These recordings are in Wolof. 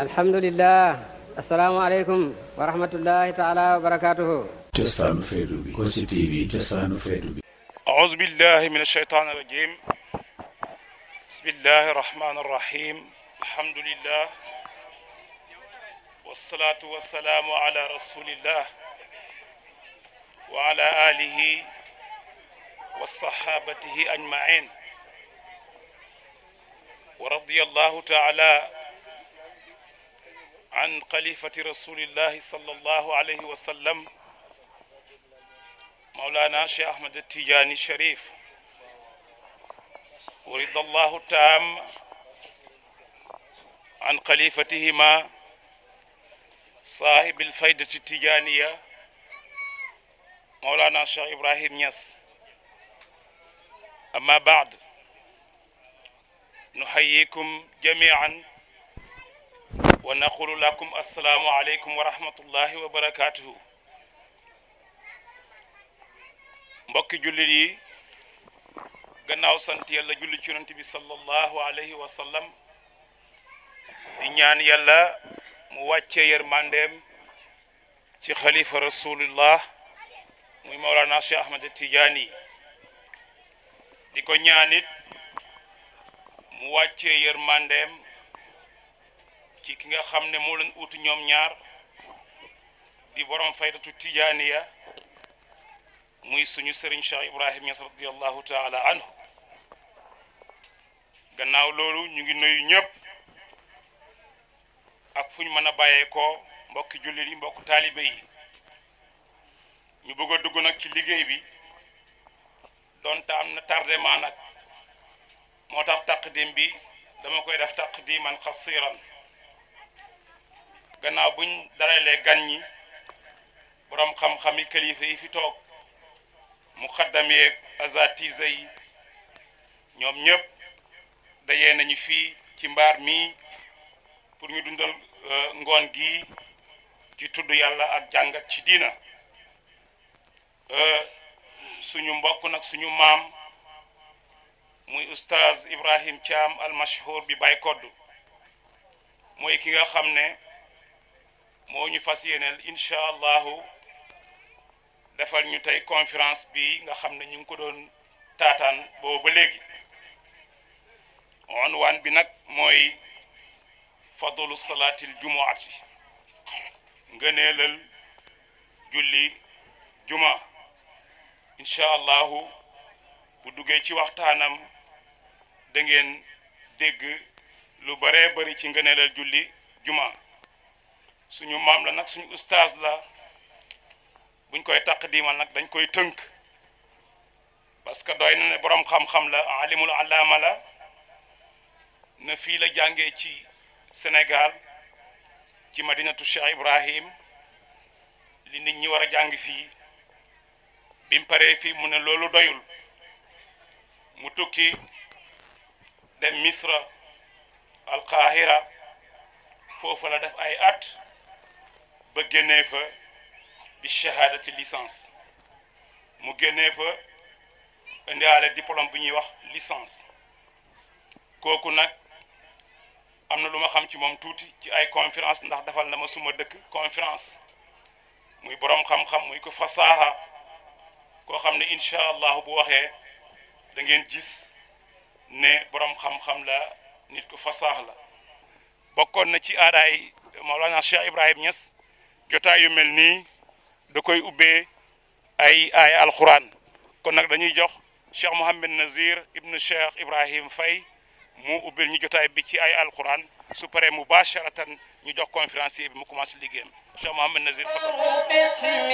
الحمد لله السلام عليكم ورحمة الله تعالى وبركاته جسان فيدوبي كوشي تي في جسان فيدوبي أعوذ بالله من الشيطان الرجيم بسم الله الرحمن الرحيم الحمد لله والصلاة والسلام على رسول الله وعلى آله وصحابته أجمعين ورضي الله تعالى عن خليفة رسول الله صلى الله عليه وسلم مولانا شيخ أحمد التجاني الشريف ورد الله التام عن خليفتهما صاحب الفيدة التجانية مولانا شيخ إبراهيم ياس أما بعد نحييكم جميعاً ونقول لكم السلام عليكم ورحمة الله وبركاته مكي جلدي غناو سنت يالا جولي تشونتي بي صلى الله عليه وسلم دي نيان يالا مو واتيه يرماندم سي خليفه رسول الله مو مولانا شيخ احمد التجاني ديكو نيانيت مو واتيه يرماندم ki nga xam ne moo leen uutu ñoom ñaar di borom faydatu tijaaniya muy suñu sëriñ Cheikh Ibrahim Niass radiyallahu taala anhu gannaaw loolu ñu ngi nuyu ñëpp ak fu ñu mën a bàyyeekoo mbokki jullit yi mbokk taalibe yi ñu bëgg a dugg nag ci liggéey bi donte am na tardement nag moo tax taqdim bi dama koy def taqdiman xasiran gannaaw buñ dalalee gan ñi boroom xam-xami kilifa yi fi toog mu xaddam yeeg yi ñoom ñëpp dajee nañu fii ci mbaar mii pour ñu dundal euh, ngoon gi ci tudd yàlla ak jàngat ci diina euh, suñu mbokk nag suñu maam muy oustaz Ibrahim Thiam al bi Baye Koddu mooy ki nga xam ne moo ñu fas yéeneel incha allahu defar ñu tey conférence bi nga xam ne ñu ngi ko doon taataan boobu ba léegi onwaan bi nag mooy fadlu salaatil jumuati ngëneelal julli juma incha allahu bu duggee ci waxtaanam da ngeen dégg lu baree bari ci ngëneelal julli juma suñu mam la nak suñu oustaz la buñ koy taq nak dañ koy teunk parce que doyna ne borom xam-xam la alimul alama la na fi la jange ci Sénégal ci madinatu Cheikh Ibrahim li nit ñi wara jàng fi bim paré fi mu ne lolu doyul mu tukki dem Misra al Qahira fofu la def ay at ba génnee fa bi shahadati licence mu génnee fa indiwaale diplôme bu ñuy wax licence kooku nag am na lu ma xam ci moom tuuti ci ay conférence ndax defal na ma suma dëkk conférence muy borom xam-xam muy ko fasaaha koo xam ne incha allah bu waxee da ngeen gis ne borom xam-xam la nit ku fasaax la bokkoon na ci aadaay Maolana Cheikh Ibrahim Niass jotaay yu mel nii da koy ubbee ay ay alquran kon nag dañuy jox Cheikh mohammed Nazir ibnu Cheikh Ibrahim fay mu ubbil ñu jotaay bi ci ay alquran su paree mubasharatan ñu jox conférencier bi mu commencé liggéeyam Cheikh mohammed Nazir bismillahi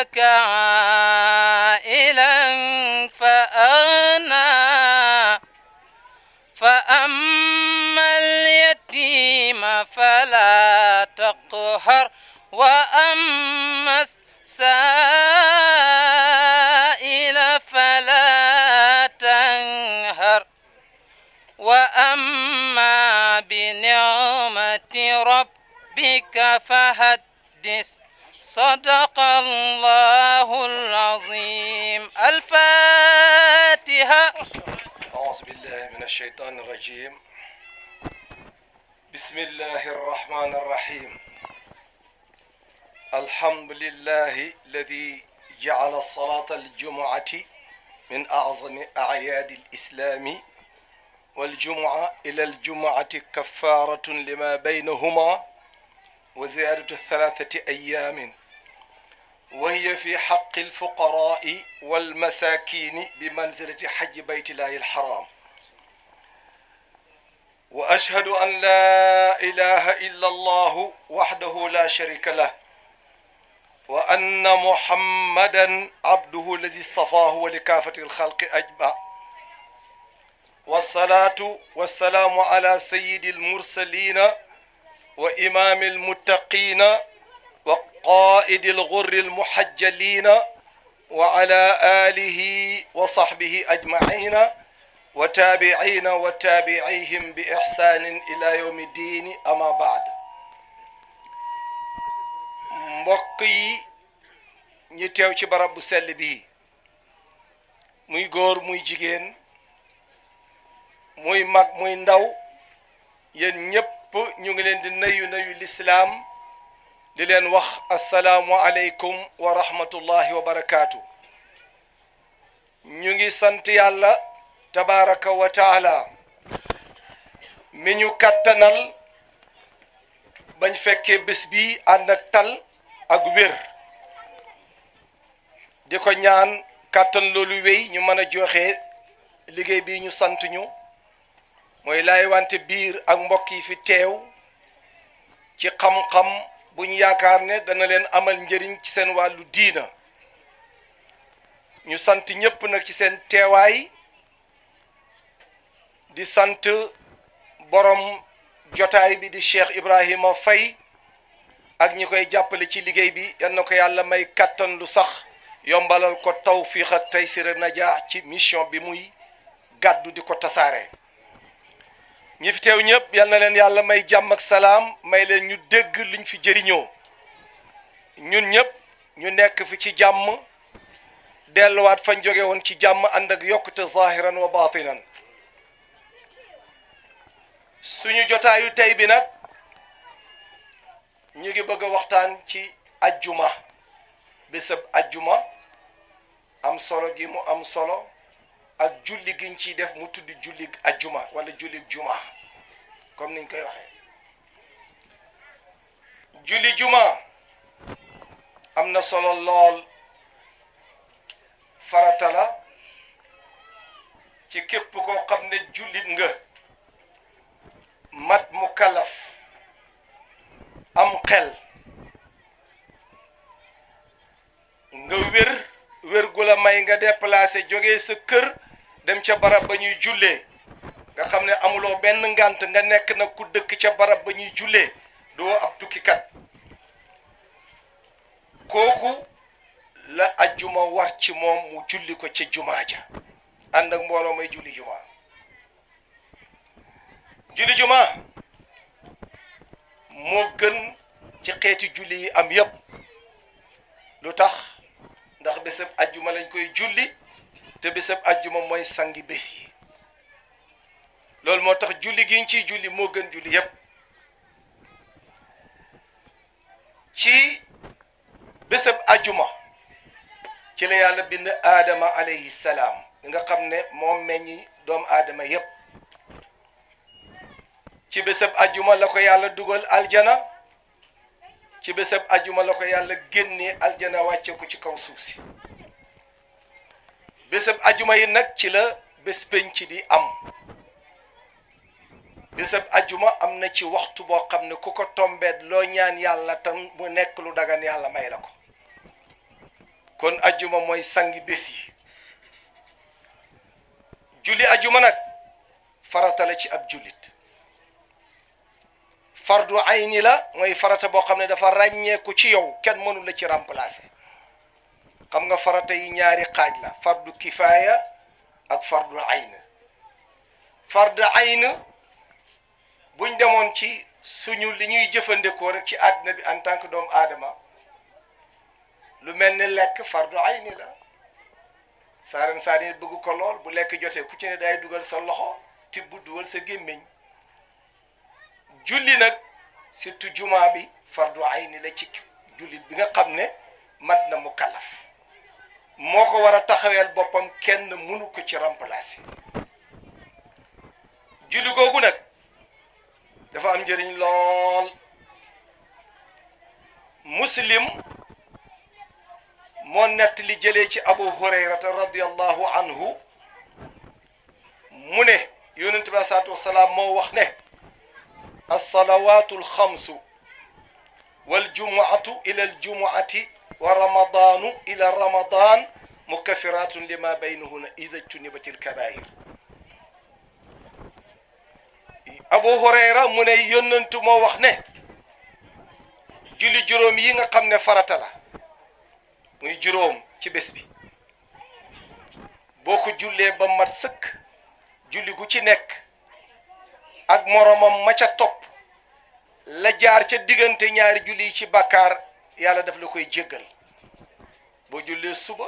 لك عائلا فأغنى فأما اليتيم فلا تقهر وأما السائل فلا تنهر وأما بنعمة ربك فحدث صدق الله العظيم الفاتحة أعوذ بالله من الشيطان الرجيم بسم الله الرحمن الرحيم الحمد لله الذي جعل صلاة الجمعة من أعظم أعياد الإسلام والجمعة إلى الجمعة كفارة لما بينهما وزيادة الثلاثة أيام وهي في حق الفقراء والمساكين بمنزلة حج بيت الله الحرام وأشهد أن لا إله إلا الله وحده لا شريك له وأن محمدا عبده الذي اصطفاه ولكافة الخلق أجمع والصلاة والسلام على سيد المرسلين وإمام المتقين قائد الغر المحجلين وعلى آله وصحبه أجمعين وتابعين وتابعيهم بإحسان إلى يوم الدين أما بعد مبقي نتيو برب سلبي مي غور مي جيجين مي مك مي نداو ين نيب نيو نيو الاسلام di leen wax asalaamualeykum wa rahmatullahi wa barakaatu. ñu ngi sant yàlla tabaraka wa taala mi ñu kattanal bañ fekkee bés bi ànd ak tal ak wér di ko ñaan kàttan loolu wéy ñu mën a joxe liggéey bi ñu sant ñu mooy laay wante biir ak mbokk yi fi teew ci xam-xam bu ñu yaakaar ne dana leen amal njëriñ ci seen wàllu diina ñu sant ñëpp nag ci seen teewaay di sant boroom jotaay bi di Cheikh Ibrahima Faye ak ñi koy jàppale ci liggéey bi yan na ko yàlla may kattan lu sax yombalal ko tawfiix ak taysir najaax ci mission bi muy gàddu di ko tasaare ñi fi teew ñëpp yal na leen yàlla may jàmm ak salaam may leen ñu dégg liñ fi jëriñoo ñun ñëpp ñu nekk fi ci jàmm delluwaat fañ jóge woon ci jàmm ànd ak yokkute zahiran wa batinan suñu jotaayu tey bi nag ñu ngi bëgg a waxtaan ci ajjuma bésëb ajjuma am solo gi mu am solo ak julli giñ ci def mu tudd julli ajjuma wala julli juma comme niñ koy waxe julli juma amna solo lol farata la ci kep ko xamne nga mat mukallaf am xel nga wer wer gula may nga déplacer sa kër dem ca barab ba ñuy jullee nga xam ne amuloo benn ngant nga nekk na ku dëkk ca barab ba ñuy jullee doo ab tukkikat kooku la ajjuma war ci moom mu julli ko ca jumaa ja ànd ak mbooloo may julli jumaa julli jumaa moo gën ci xeeti julli yi am yépp lu tax ndax bésab ajjuma lañ koy julli te bésab ajjuma mooy sangi bés yi loolu moo tax julli gi ñu ciy julli moo gën julli yépp ci bésab ajjuma ci la yàlla bind aadama alayhi salaam nga xam ne moom meññi doomu aadama yépp ci bésab ajjuma la ko yàlla dugal aljana ci bésab ajjuma la ko yàlla génnee aljana wàcce ci kaw suuf si bésab ajuma yi nag ci la bés penc di am bésab ajuma am na ci waxtu boo xam ne ku ko tombeet loo ñaan yàlla tam mu nekk lu dagan yàlla may la ko kon ajuma mooy sangi bés yi julli ajuma nag farata la ci ab jullit fardu ayni la mooy farata boo xam ne dafa ràññeeku ci yow kenn mënu la ci remplacer xam nga farata yi ñaari xaaj la fardu kifaaya ak fardu ayn fardu ayn buñ demoon ci suñu li ñuy jëfandikoo rek ci àddina bi en tant que doomu aadama lu mel ni lekk fardu ayni la saaren saaren bëgg ko lool bu lekk jotee ku ci ne day dugal sa loxo tibb dugal sa gémmiñ julli nag surtout jumaa bi fardu ayni la ci jullit bi nga xam ne mat na mu kalaf moko wara taxawel bopam kenn munu ko ci remplacer julli googu nak dafa am jeriñ lol muslim mo net li jele ci abu hurayra radhiyallahu anhu mune yunus yonent bi wassalam mo wax ne as-salawatul alsalawatu alxamsu waljumuatu ila aljumuati wa ramadanu ila ramadan mukaffiratun lima baynahunna iza ijtunibatil kabair abu hurayra mu ne yónnantu moo wax ne julli juróom yi nga xam ne farata la muy juróom ci bés bi boo ko jullee ba mat sëkk julli gu ci nekk ak moromam ma ca topp la jaar ca diggante ñaari julli ci bàkkaar yàlla daf la koy jéggal boo jullee suba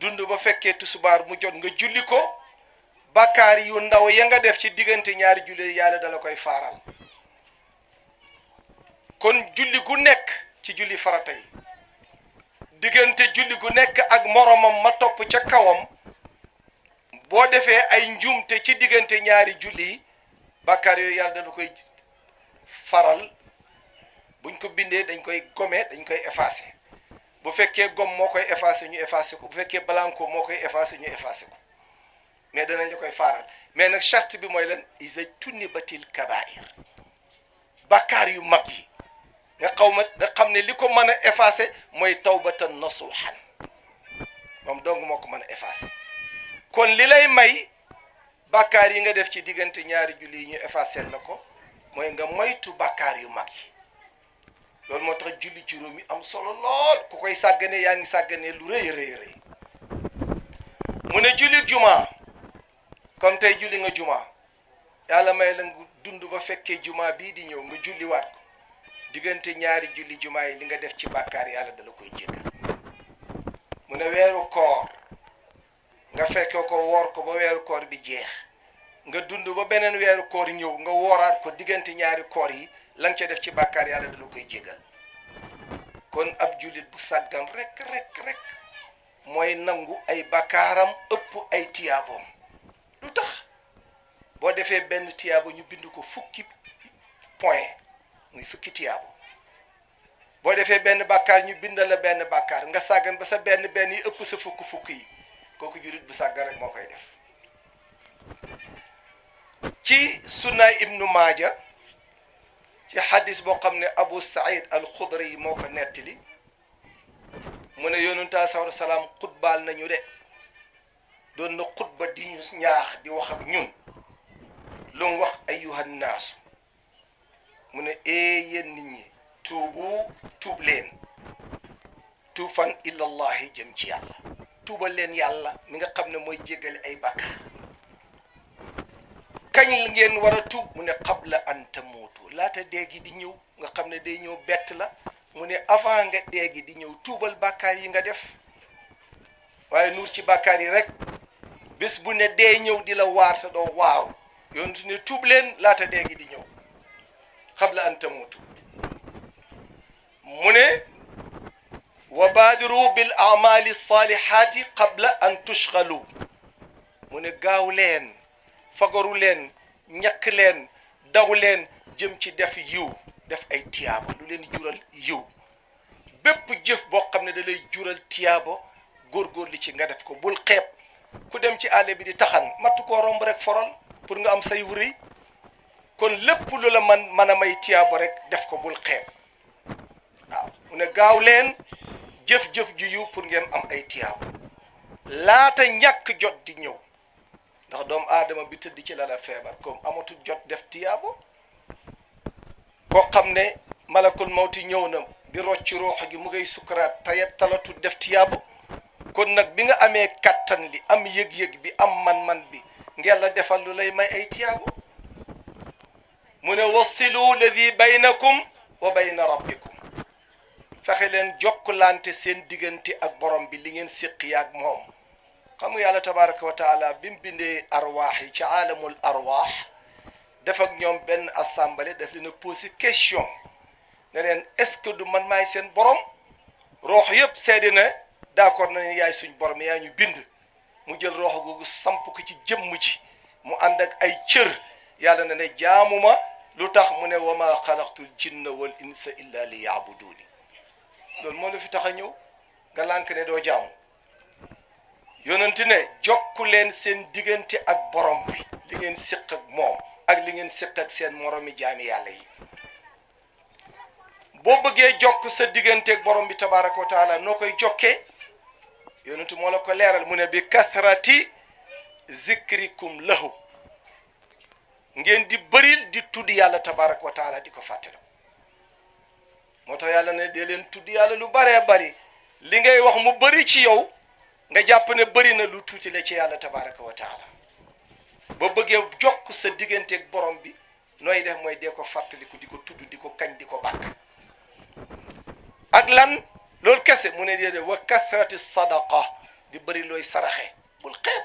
dund ba fekkee tusubaar mu jot nga julli ko bàkkaar yu ndaw ya nga def ci diggante ñaari julli yàlla dala koy faaral kon julli gu nekk ci julli farata yi diggante julli gu nekk ak moromam ma topp ca kawam boo defee ay njuumte ci diggante ñaari julli bàkkaar yooyu yàlla dala koy faral bu buñ ko bindee dañ koy gomee dañ koy effacé bu fekkee gom moo koy effacé ñu effacé ko bu fekkee blanco moo koy effacé ñu effacé ko mais danañ la koy faaral mais nag charte bi mooy lan isa tunni batil kabair bakkaar yu mag yi nga xaw ma xam ne li ko mën a effacé mooy tawbatan nasuhan moom dong moo ko mën a effacé kon li lay may bakkaar yi nga def ci diggante ñaari julli yi ñu effacé la ko mooy nga moytu bakkaar yu mag yi loolu moo tax julli juróom yi am solo lool ku koy sàggane yaa ngi sàgganee lu rëy rëy rëy mu ne julli juma kon tey julli nga jumaa yàlla may la nga dund ba fekkee jumaa bii di ñëw nga julli waat ko diggante ñaari julli jumaa yi li nga def ci bàkkaar yàlla dala koy jéggal mu ne weeru koor nga fekke ko woor ko ba weeru koor bi jeex nga dund ba beneen weeru koor ñëw nga wooraat ko diggante ñaari koor yi lañ nga ca def ci bàkkaar yàlla da la koy jégal kon ab jullit bu sàggan rekk rek mooy nangu ay bàkkaaram ëpp ay tiyaaboom lu tax boo defee benn tiyaabo ñu bind ko fukki point muy fukki tiyaabo boo defee benn bàkkaar ñu bind la benn bàkkaar nga sàggan ba sa benn benn yi ëpp sa fukk fukk yi kooku jullit bu sàggan rek moo koy def ci sunna ibnu maaja ci xadis boo xam ne Abu Saïd al-Xudri yi moo ko nettali mu ne yonuntaa sawar salaam xutbaal nañu de doon na ba di ñu ñaax di wax ak ñun lu mu wax ayyuhan naasu mu ne ee yéen nit ñi tuubu tuub leen tuufan ilallahi jëm ci yàlla tuubal leen yàlla mi nga xam ne mooy jéggale ay bàkkaar kañ la ngeen war a tuub mu ne qabla an tamuutu laata dee gi di ñëw nga xam ne day ñëw bett la mu ne avant nga dee gi di ñëw tuubal bàkkaar yi nga def waaye nuur ci bàkkaar yi rek bés bu ne dee ñëw di la waar sa doo waaw yoon su ne tuub leen laata dee gi di ñëw qabla an tamuutu mu ne wa baadiru bil amali salihaati qabla an tushxalu mu ne gaaw leen fagaru leen ñàkk leen daw leen jëm ci def yiw def ay tiyaaba lu leen jural yiw bépp jëf boo xam ne da lay jural tiyaaba góor li ci nga def ko bul xeeb ku dem ci àll bi di taxan mattu ko romb rek forol pour nga am say wuri kon lépp lu la man mën a may tiyaaba rek def ko bul xeeb waaw mu ne gaaw leen jëf-jëf ju yiw pour ngeen am ay tiyaaba laata ñàkk jot di ñëw ndax doomu aadama bi tëdd ci la feebar comme amatul jot def tiyaabo koo xam ne mala malakul mawti ñëw na bi rocc a gi mu ngay sukaraat tayet talatu def tiyaabo kon nag bi nga amee kattan li am yëg-yëg bi am man-man bi ngella defal lu lay may ay tiyaabo mu ne wasilu ladi baynakum wa bayna rabbikum fexe leen jokkalante seen diggante ak borom bi li ngeen séq moom xam yàlla tabaraka wa taala bim mu bindee arwaax yi ci aalamul arwaax def ak ñoom benn assemblé daf leen a posé question ne leen est-ce que du man maay seen borom roox yëpp seede na d'accord na yaay suñ borom yaa ñu bind mu jël roox googu samp ko ci jëmm ji mu ànd ak ay cër yàlla na ne jaamuma lu tax mu ne wama ma xalaqtul jinna wal insa illa li yaabuduni loolu moo la fi tax a ñëw nga lànk ne doo jaamu yonent ne jokku leen seen diggante ak borom bi li ngeen séq moom ak li ngeen séq ak seen moromi jaami yàlla yi boo bëggee jokk sa diggante ak borom bi tabaraka wa noo koy jokke yonent moo la ko leeral mu ne bi kathrati zikrikum lahu ngeen di bëril di tudd yàlla tabaraka wa di ko fàttali moo tax yàlla ne dee tudd yàlla lu baree bari li ngay wax mu bari ci yow nga jàpp ne bëri na lu tuti la ci yàlla tabaraka wa taala ba bëggee jokk sa ak borom bi noy def moy dé ko fatali ko diko tuddu diko kañ diko bak ak lan lol kessé mu ne déedéet wa kathrati sadaqa di bëri loy saraxe bul xéb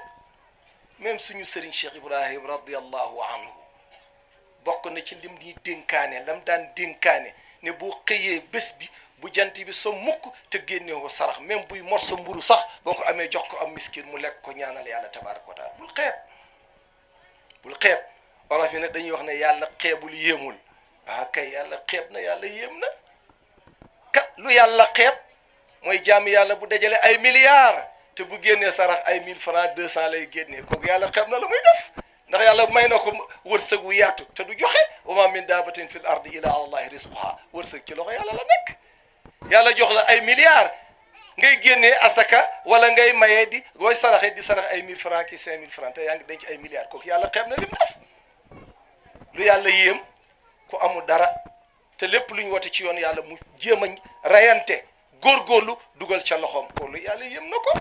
même suñu serigne Cheikh Ibrahim radiallahu anhu bokk na ci lim ñuy denkané lam daan denkané ne bu xeyé bés bi bu jant bi so mukk te génne wo sarax même buy morso mburu sax boko amé jox ko am miskin mu lek ko ñaanal yàlla tabarak wa taala bul xeeb bul xeeb olof fi nag dañuy wax ne yàlla xebul yemul ah kay yàlla xeeb na yàlla yem na ka lu yàlla xeeb moy jaam yàlla bu dajale ay milliards te bu genné sarax ay 1000 francs 200 lay genné ko yàlla xeeb na la muy def ndax yàlla may na ko wërsëg yaatu te du joxe wa min dabatin fil ardi ila allah risquha wërsëg ci loxo yàlla la nek yàlla jox la ay milliards ngay génnee asaka wala ngay mayee di booy saraxe di sarax ay 1000 francs ki 5000 francs te yaa ngi denc ay milliards kooku yàlla xeeb na lim def lu yàlla yéem ku amul dara te lépp lu ñu wote ci yoon yàlla mu jéem a rayante góorgóorlu dugal ca loxoom lu yàlla yéem na ko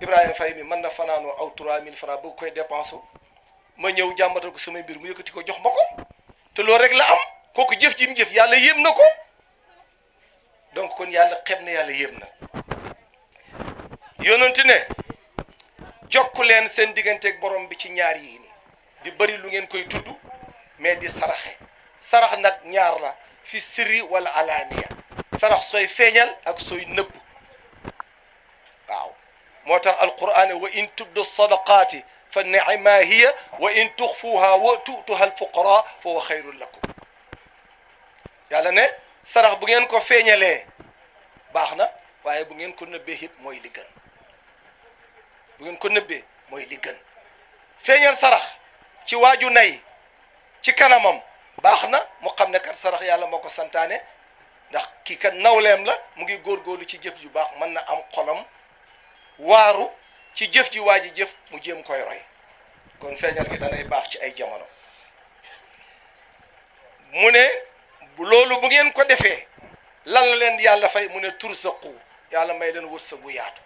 Ibrahima fay mi mën na fanaanoo aw mille francs ba koy dépensé ma ñëw jàmbatal ko sama mbir mu yëkkati ko jox ma ko te loolu rek la am kooku jëf ji mu jëf yàlla yéem na ko. donc kon yàlla xeb yàlla yéem yonentine jokku len sen digante ak borom bi ci ñaar yi ni di bari lu ngeen koy tuddu mais di saraxe sarax nak ñaar la fi sirri wala alaniya sarax soy feñal ak soy nepp waaw motax alquran wa in tubdu sadaqati fa ni'ma hiya wa in tukhfuha wa tu'tuha alfuqara fa huwa khairul lakum yàlla ne sarax bu ngeen ko feeñalee baax na waaye bu ngeen ko nëbbee it mooy li bu ngeen ko nëbbee mooy li feeñal sarax ci waaju nay ci kanamam baax na mu xam ne kat sarax yàlla moo ko santaane ndax kii kat nawleem la mu ngi góorgóorlu ci jëf ju baax mën na am xolam waaru ci jëf ju waa ji jëf mu jéem koy roy kon feeñal gi danay baax ci ay jamono mu ne bu loolu bu ngeen ko defee lan la leen yàlla fay mu ne tursaqu yàlla may leen wërsëg bu yaatu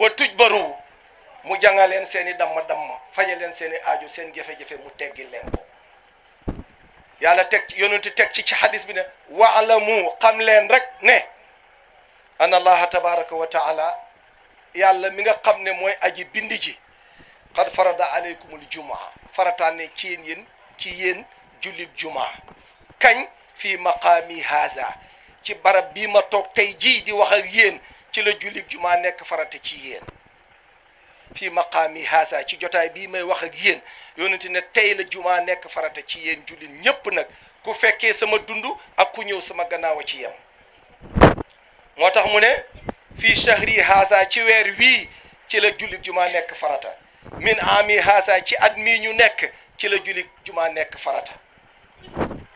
wa tujbaru mu jànga leen seen damma damma faje leen seen i seen jafe-jafe mu teggil leen ko yàlla teg yonente teg ci ci hadis bi ne waalamu xam leen rek ne ana allaha tabaraka wa taala yàlla mi nga xam ne mooy aji bindi ji qad farada aleykumul jumaa farataan ne ci yéen ci yéen jullit jumaa kañ fii maqaami haza ci barab bii ma toog tey jii di wax ak yéen ci la jullit jumaa nekk farata ci yéen fii maqaami haasa ci jotaay bii may wax ak yéen yonente ne tey la jumaa nekk farata ci yéen jullit ñépp nag ku fekkee sama dund ak ku ñëw sama gannaaw ci yem moo tax mu ne fii shahri haasa ci weer wii ci la jullit jumaa nekk farata min ami haasa ci at mii ñu nekk ci la jullit jumaa nekk farata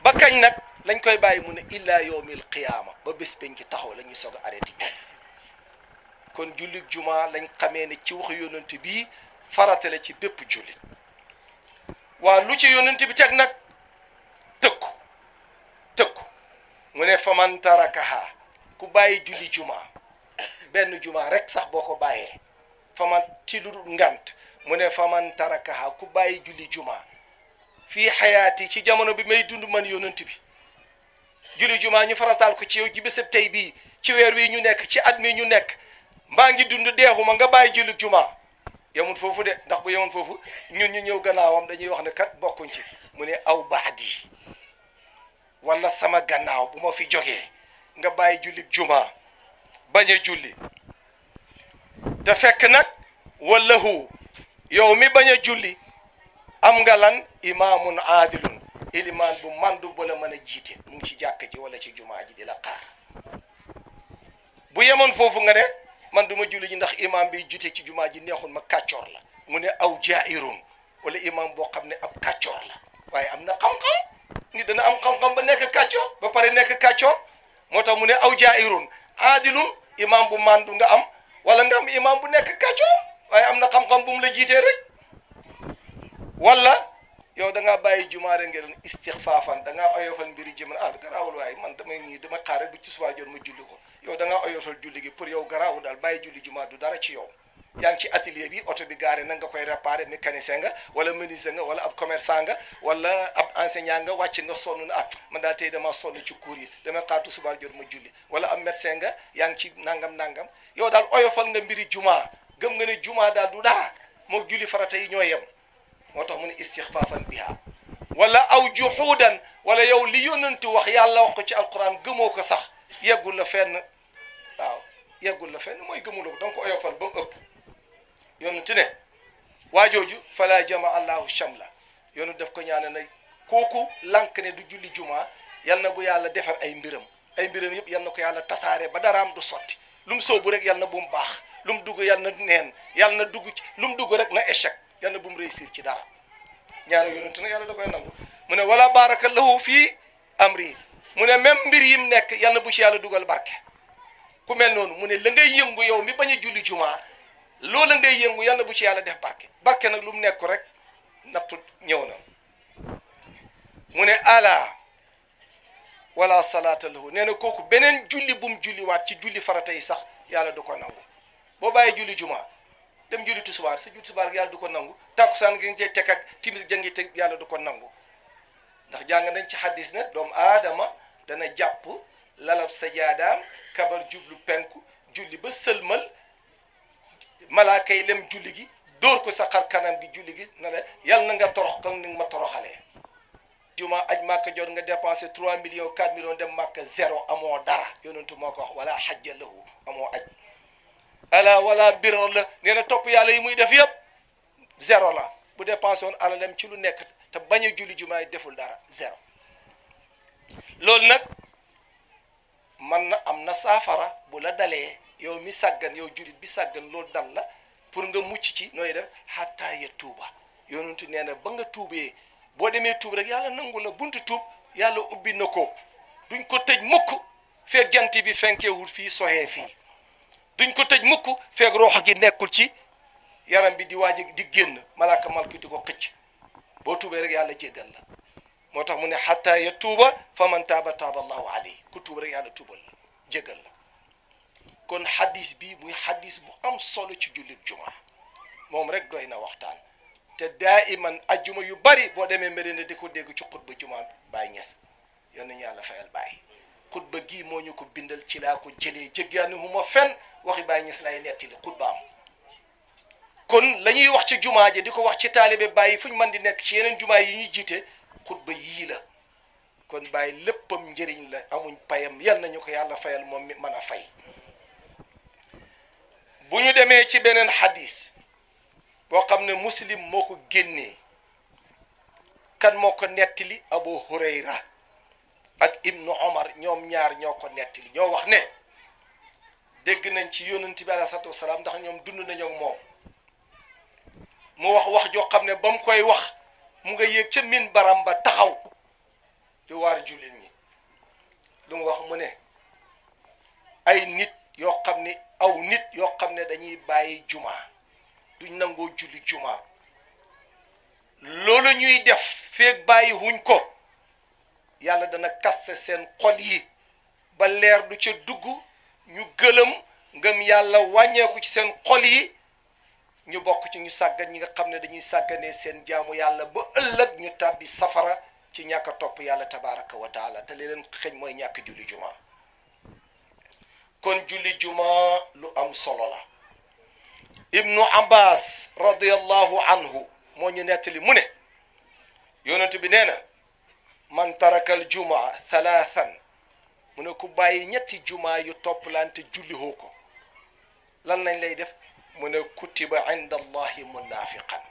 ba kañ nag lañ koy bàyyi mu ne illa yowmil qiyaama ba bés bañ ci taxaw la ñuy soog a kon jullit juma lañ xamee ne ci wax yonent bi faratale ci bépp jullit waa lu ci yonent bi teg nag tëkku tëkku mu ne faman tarakaha ku bàyyi julli juma benn jumaa rek sax boo ko bàyyee faman ci lu ngant mu ne faman ku bàyyi julli juma fii xayaati ci jamono bi may dund man yonent bi julli jumaa ñu farataal ko ci yow ji bésab tey bii ci weer wi ñu nekk ci at mi ñu nekk mbaa ngi dund deexu ma nga bàyyi julli jumaa yemul foofu de ndax bu yemul foofu ñun ñu ñëw gannaawam dañuy wax ne kat bokkuñ ci mu ne aw baadi yi wala sama gannaaw bu ma fi jógee nga bàyyi julli jumaa bañ a julli te fekk nag wallahu yow mi bañ a julli am nga lan imaamun aadilun ilimaan bu mandu ba la mën a jiite mu ngi ci jàkk ji wala ci jumaa ji di la xaar bu yemoon foofu nga ne man du ma julli ji ndax imaam bi jiite ci jumaa ji neexul ma kàccoor la mu ne aw jaa'irun wala imaam boo xam ne ab kàccoor la waaye am na xam dana am xam ba nekk kàccoor ba pare nekk kàccoor moo tax mu ne aw jaa'irun aadilun imaam bu mandu nga am wala nga am imaam bu nekk kàccoor waaye am na xam-xam bu mu la jiite rek wala yow da ngaa bàyyi jumaare ngeen istixfaafan da ngaa oyofal mbiri ji man ah garaawul waaye man damay nii dama xaare bu ci subaa jot ma julli ko yow da ngaa oyofal julli gi pour yow garaawul daal bàyyi julli jumaa du dara ci yow yaa ngi bi oto bi gaare na nga koy réparé mécanicien nga wala menuisier nga wala ab commerçant nga wala ab enseignant nga wàcc nga sonn na at ah man daal tey dama sonn ci cours yi dama xaatu subaa jot ma julli wala ab médecin nga yaa ngi ci nangam nangam yow daal oyofal nga mbiri jumaa gëm nga ne jumaa daal du daa moo julli farata yi ñoo yem وتمن استخفافا بها ولا او جحودا ولا يوليون انت وخي الله وخي القران غموك صح يقول لفين واو آه، يقول لفين ما يقول لك دونك ايوفال بام اوب يونو تني واجوجو فلا جمع الله شملا يونو داف كو نيانا ناي كوكو لانك ني دو جولي جمعه يالنا بو يالا ديفر اي ميرم اي ميرم ييب يالنا كو يالا تساري با دارام دو سوتي لوم سوبو رك يالنا بوم باخ لوم دوغو يالنا نين يالنا دوغو لوم دوغو رك نا اشك yàlla bu mu réussir ci dara ñaanu yonent na yàlla da koy nangu mu ne wala baraka lahu fii amri mu ne même mbir yim nekk yàlla bu ci yàlla dugal barke ku noonu mu ne la ngay yëngu yow mi bañ a julli jumaa loola ngay yëngu yàlla bu ci yàlla def barke barke nag lu mu nekku rek nattu ñëw na mu ne ala wala salaata lahu nee na kooku beneen julli bu mu julliwaat ci julli farata yi sax yàlla du ko nangu boo bàyyi julli jumaa dem julli tisbaar sa julli tisbaar yàlla du ko nangu tàkkusaan gi nga cee teg ak timis ja ngi teg yàlla du ko nangu ndax jàng nañ ci xaddis na doom aadama dana jàpp lalab sajaadaam kabar jublu penku julli ba sëlmal malaaka yi lem julli gi dóor ko sa xar kanam gi julli gi na la yàlla na nga torox kam ni nga ma toroxalee juma aj màkka jot nga dépensé 3 millions 4 millions dem màkka zéro amoo dara yonentu moo ko wax wala xajja lahu amoo aj ala wala birra la nee na topp yàlla yi muy def yëpp zéro la bu dépensé woon alalem ci lu nekk te bañ a julli jumaay deful dara zéro loolu nag man na am na saafara bu la dalee yow mi sàggan yow julit bi sàggan loolu dal la pour nga mucc ci nooy def xattaa ya tuuba yonentu nee na ba nga tuubee boo demee tuub rek yàlla nangu la bunt tuub yàlla ubbi na ko duñ ko tëj mukk fekk jant bi fenkee wul fii soxee fii duñ ko tëj mukk feeg roox gi nekkul ci yaram bi di waaj di génn malaka malki di ko xëcc boo tuubee rek yàlla jéggal la moo tax mu ne xatta ya tuuba fa man taaba taaba allahu alayhi ku tuub rek yàlla tuubal la jéggal kon xadis bi muy xaddis bu am solo ci jullit juma moom rek doy na waxtaan te daa iman ajjuma yu bari boo demee Medina di ko dégg ci ba jumaa Baay Ñas yal nañu yàlla fayal bàyyi xutba gii moo ñu ko bindal ci laa ko jëlee jéggaani huma fenn waxi Baay Ñas lay nettali xutbaam kon la ñuy wax ci jumaa ji di ko wax ci taalibe bàyyi fu ñu mën di nekk ci yeneen jumaa yi ñuy jiite xutba yii la kon bàyyi léppam njëriñ la amuñ payam yal nañu ko yàlla fayal moom mi mën a fay bu ñu demee ci beneen xadis boo xam ne muslim moo ko génnee kan moo ko nettali Abu Hurayra ak ibnu omar ñoom ñaar ñoo ko nettali ñoo wax ne dégg nañ ci yonent bi alei salatu wasalaam ndax ñoom dund nañu ak moom mu wax wax joo xam ne ba mu koy wax mu nga yéeg ca min baram ba taxaw di waar jullit ñi lu mu wax mu ne ay nit yoo xam ne aw nit yoo xam ne dañuy bàyyi jumaa duñ nangoo julli jumaa loolu ñuy def feeg bàyyi wuñ ko yàlla dana kaste seen xol yi ba leer du ca dugg ñu gëlëm ngëm yàlla wàññeeku ci seen xol yi ñu bokk ci ñu sàggan ñi nga xam ne dañuy sàgganee seen jaamu yàlla ba ëllëg ñu tàbbi safara ci ñàkk topp yàlla tabaraka wa taala te leen xëñ mooy ñàkk julli juma kon julli juma lu am solo la ibnu abbas radiallahu anhu moo ñu nettali mu ne yonent bi nee na man taraka al jumaa thalathan mu ne ku bàyyi ñetti jumaa yu toppalante julliwoo ko lan lañ lay def mu ne kutiba inda allahi munafiqan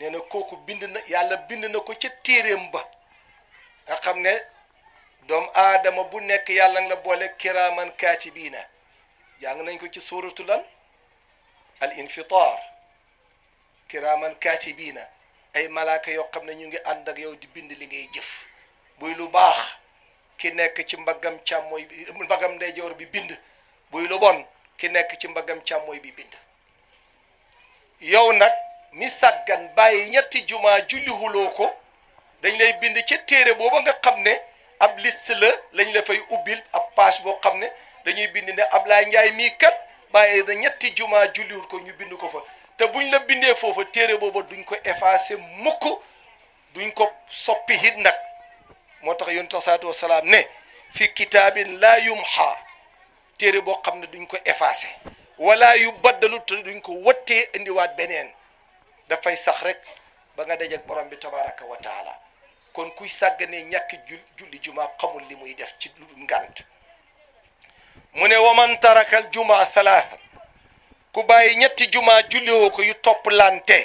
nee na kooku bind na yàlla bind na ko ca téeréem ba nga xam ne doom aadama bu nekk yàlla nga la boole kiraman kiraaman kaatibiina jàng nañ ko ci suuratu lan al infitar kiraaman kaatibiina ay malaaka yoo xam ne ñu ngi ànd ak yow di bind liggéey jëf buy lu baax ki nekk ci mbaggam càmmooy bi ndeyjoor bi bind buy ki nekk ci mbaggam càmmooy bi bind yow nag mi sàggan bàyyi ñetti jumaa julliwuloo ko dañ lay bind ca téere booba nga xam ne ab liste la lañ la fay ubbil ab page boo xam ne dañuy bind ne Ablaye Njaay mii kat bàyyi na ñetti jumaa julliwul ko ñu bind ko fa te buñ la bindee foofa téere boobu duñ ko effacé mukk duñ ko soppi hit nag moo tax yonent salaatu wasalaam ne fi kitaabin laa yumha téere boo xam ne duñ ko effacé wala yu baddalu te duñ ko wattee indiwaat beneen dafay sax rek ba nga dajeek borom bi tabaraka wa kon kuy sàgganee ñàkk jul julli jumaa xamul li muy def ci lu ngant mu ne waman tarakal jumaa thalatha ku bàyyi ñetti jumaa julliwoo ko yu topplante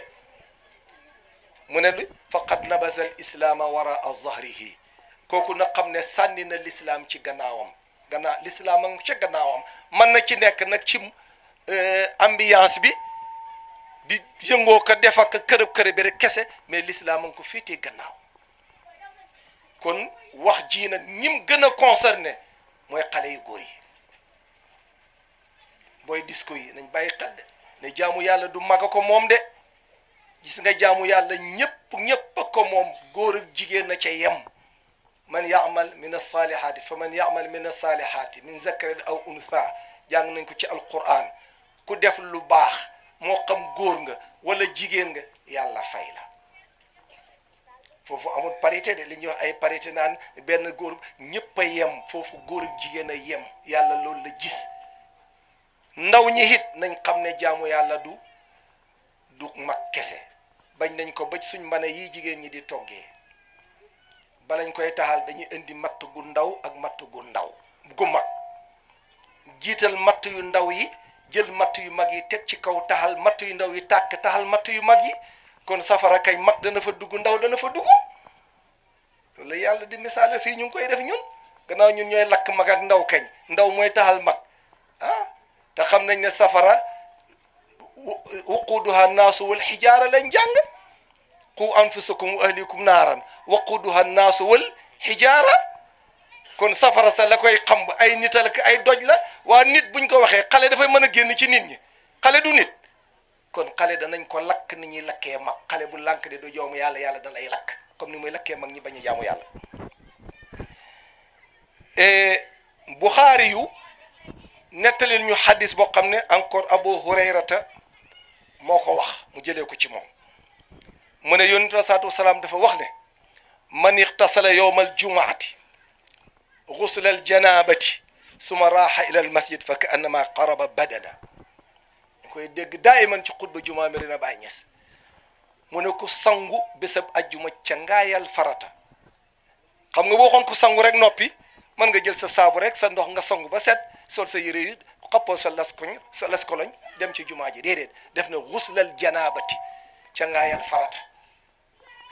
mu ne lu faqad nabasal islaama waraa zahrihi kooku na xam ne sànni na lislaam ci gannaawam gannaaw lislaam ak ca gannaawam mën na ci nekk nag ci ambiance bi di yëngoo ko def ak kërëb kërëb rek kese mais lislaam ak ko féetee gannaaw kon wax ji nag ñim gën a concerné mooy xale yu góor yi booy disko yi nañ bàyyi xel de ne jaamu yàlla du mag a ko moom de gis nga jaamu yàlla ñëpp ñëpp a ko moom góor ak jigéen na ca yem man yaamal min alsalihaati fa man yaamal min alsalihaati min zakarin aw untha jàng nañ ko ci alquran ku def lu baax moo xam góor nga wala jigéen nga yàlla fay la foofu amul parité de li ñuy wax ay parité naan benn góor ñëpp a yem foofu góor ak jigéen a yem yàlla loolu la gis ndaw ñi it nañ xam ne jaamu yàlla du du mag kese bañ nañ ko bëj suñ mën yi jigéen ñi di toggee balañ koy taxal dañuy indi matt gu ndaw ak matt gu ndaw gu mag jiital matt yu ndaw yi jël matt yu mag yi teg ci kaw taxal matt yu ndaw yi tàkk taxal matt yu mag yi kon safara kay mag dana fa dugg ndaw dana fa dugg loolu yàlla di misaale fii ñu ngi koy def ñun gannaaw ñun ñooy lakk mag ak ndaw kañ ndaw mooy taxal mag ah, te xam nañ ne safara waquuduha naasu wal xijaara lañ jàng qu anfusakum wa ahlikum naaran waquuduha naasu wal xijaara kon safara sa la koy xam ay nital ak ay doj la waa nit buñ ko waxee xale dafay mën a génn ci nit ñi xale du nit kon xale danañ ko lakk ni ñuy lakkee mag xale bu lànk de do joomu yàlla yàlla da lay lakk comme ni muy lakkee mag ñi bañ a jaamu yàlla eh, buxaari nettalil ñu xaddis boo xam ne encore abu hurayrata moo ko wax mu jëlee ko ci moom mu ne yonent bi salaatu wasalaam dafa wax ne man ixtasala yowma aljumaati gusla aljanabati suma raaxa ila almasjid fa ka annama qaraba badana ñu koy dégg daayiman ci xutba jumaa mi dina bàyyi ñes mu ne ku sangu bésab ajjuma ca ngaayal farata xam nga boo xoon ku sangu rek noppi mën nga jël sa saabu rek sa ndox nga sangu ba set sol sa yére yu xoppoo sa laskoñ sa laskoloñ dem ci jumaa ji déedéet def na xuslal janaabati ca ngaayal farata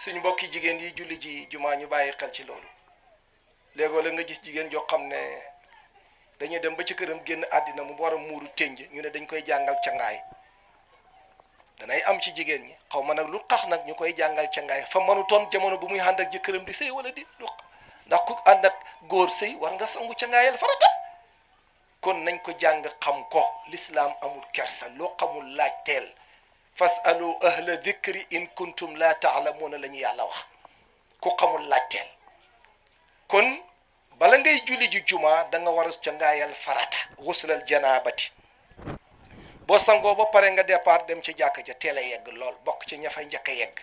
suñ mbokki jigéen yi julli ji jumaa ñu bàyyi xel ci loolu léegoo la nga gis jigéen joo xam ne dañuy dem ba ci këram génn àddina mu war a muuru tënj ñu ne dañ koy jàngal ca ngaay danay am ci jigéen ñi xaw ma nag lu tax nag ñu koy jàngal ca ngaay fa mënu toon jamono bu muy ànd ak jëkkëram di sëy wala di lu ndax ku ànd ak góor sëy war nga sangu ca ngaayal farata kon nañ ko jàng xam ko lislaam amul kersa loo xamul laaj teel fasalu ahla dikri in kuntum la taalamuuna la ñu yàlla wax ku xamul laaj teel kon bala ngay julli ju jumaa danga war a ca ngaayal farata wuslal janaabati boo sangoo ba pare nga départ dem ci jàkk ja teel a yegg lool bokk ci ña fay njëkk a yegg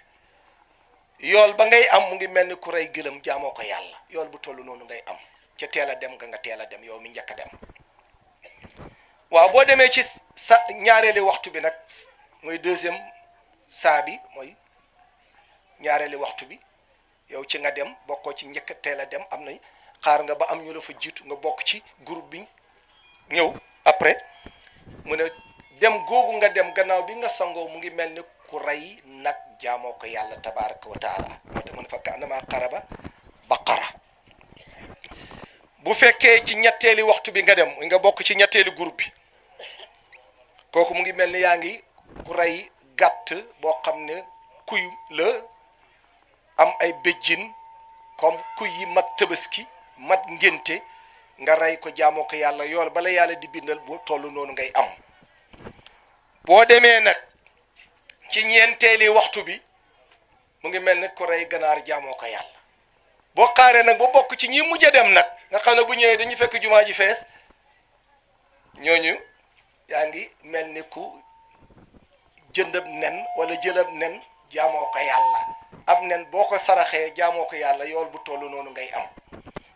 yool ba ngay am mu ngi mel ni ku rey gëlëm jaamoo ko yàlla yool bu tollu noonu ngay am ca teel a dem nga nga teel a dem yow mu njëkk a dem waaw boo demee ci sa ñaareeli waxtu bi nag mooy deuxième saa bi mooy ñaareeli waxtu bi yow ci nga dem bokkoo ci njëkk teel a dem am nañ xaar nga ba am ñu la fa jiitu nga bokk ci groupe bi ñëw après mu ne dem googu nga dem gannaaw bi nga sangoo mu ngi mel ni ku rey nag jaamoo ko yàlla tabaraka wa taala moo tax mu ne fa ba xaraba baqara bu fekkee ci ñetteeli waxtu bi nga dem nga bokk ci ñetteelu groupe bi kooku mu ngi mel ni yaa ngi rey gàtt boo xam ne kuy la am ay béjjin comme kuy yi mat tëbaski mat ngénte nga rey ko jaamoo ko yàlla yool bala yàlla di bindal bu toll noonu ngay am boo demee nag ci ñeenteeli waxtu bi mu ngi mel ni ku rey ganaar jaamoo ko yàlla boo xaaree nag ba bokk ci ñi mujj a dem nag nga xam ne bu ñëwee dañu fekk jumaa ji fees ñooñu yaa ngi mel ni ku jëndab nen wala jëlab nen jaamoo ko yàlla am nen boo ko saraxee jaamoo ko yàlla yool bu toll noonu ngay am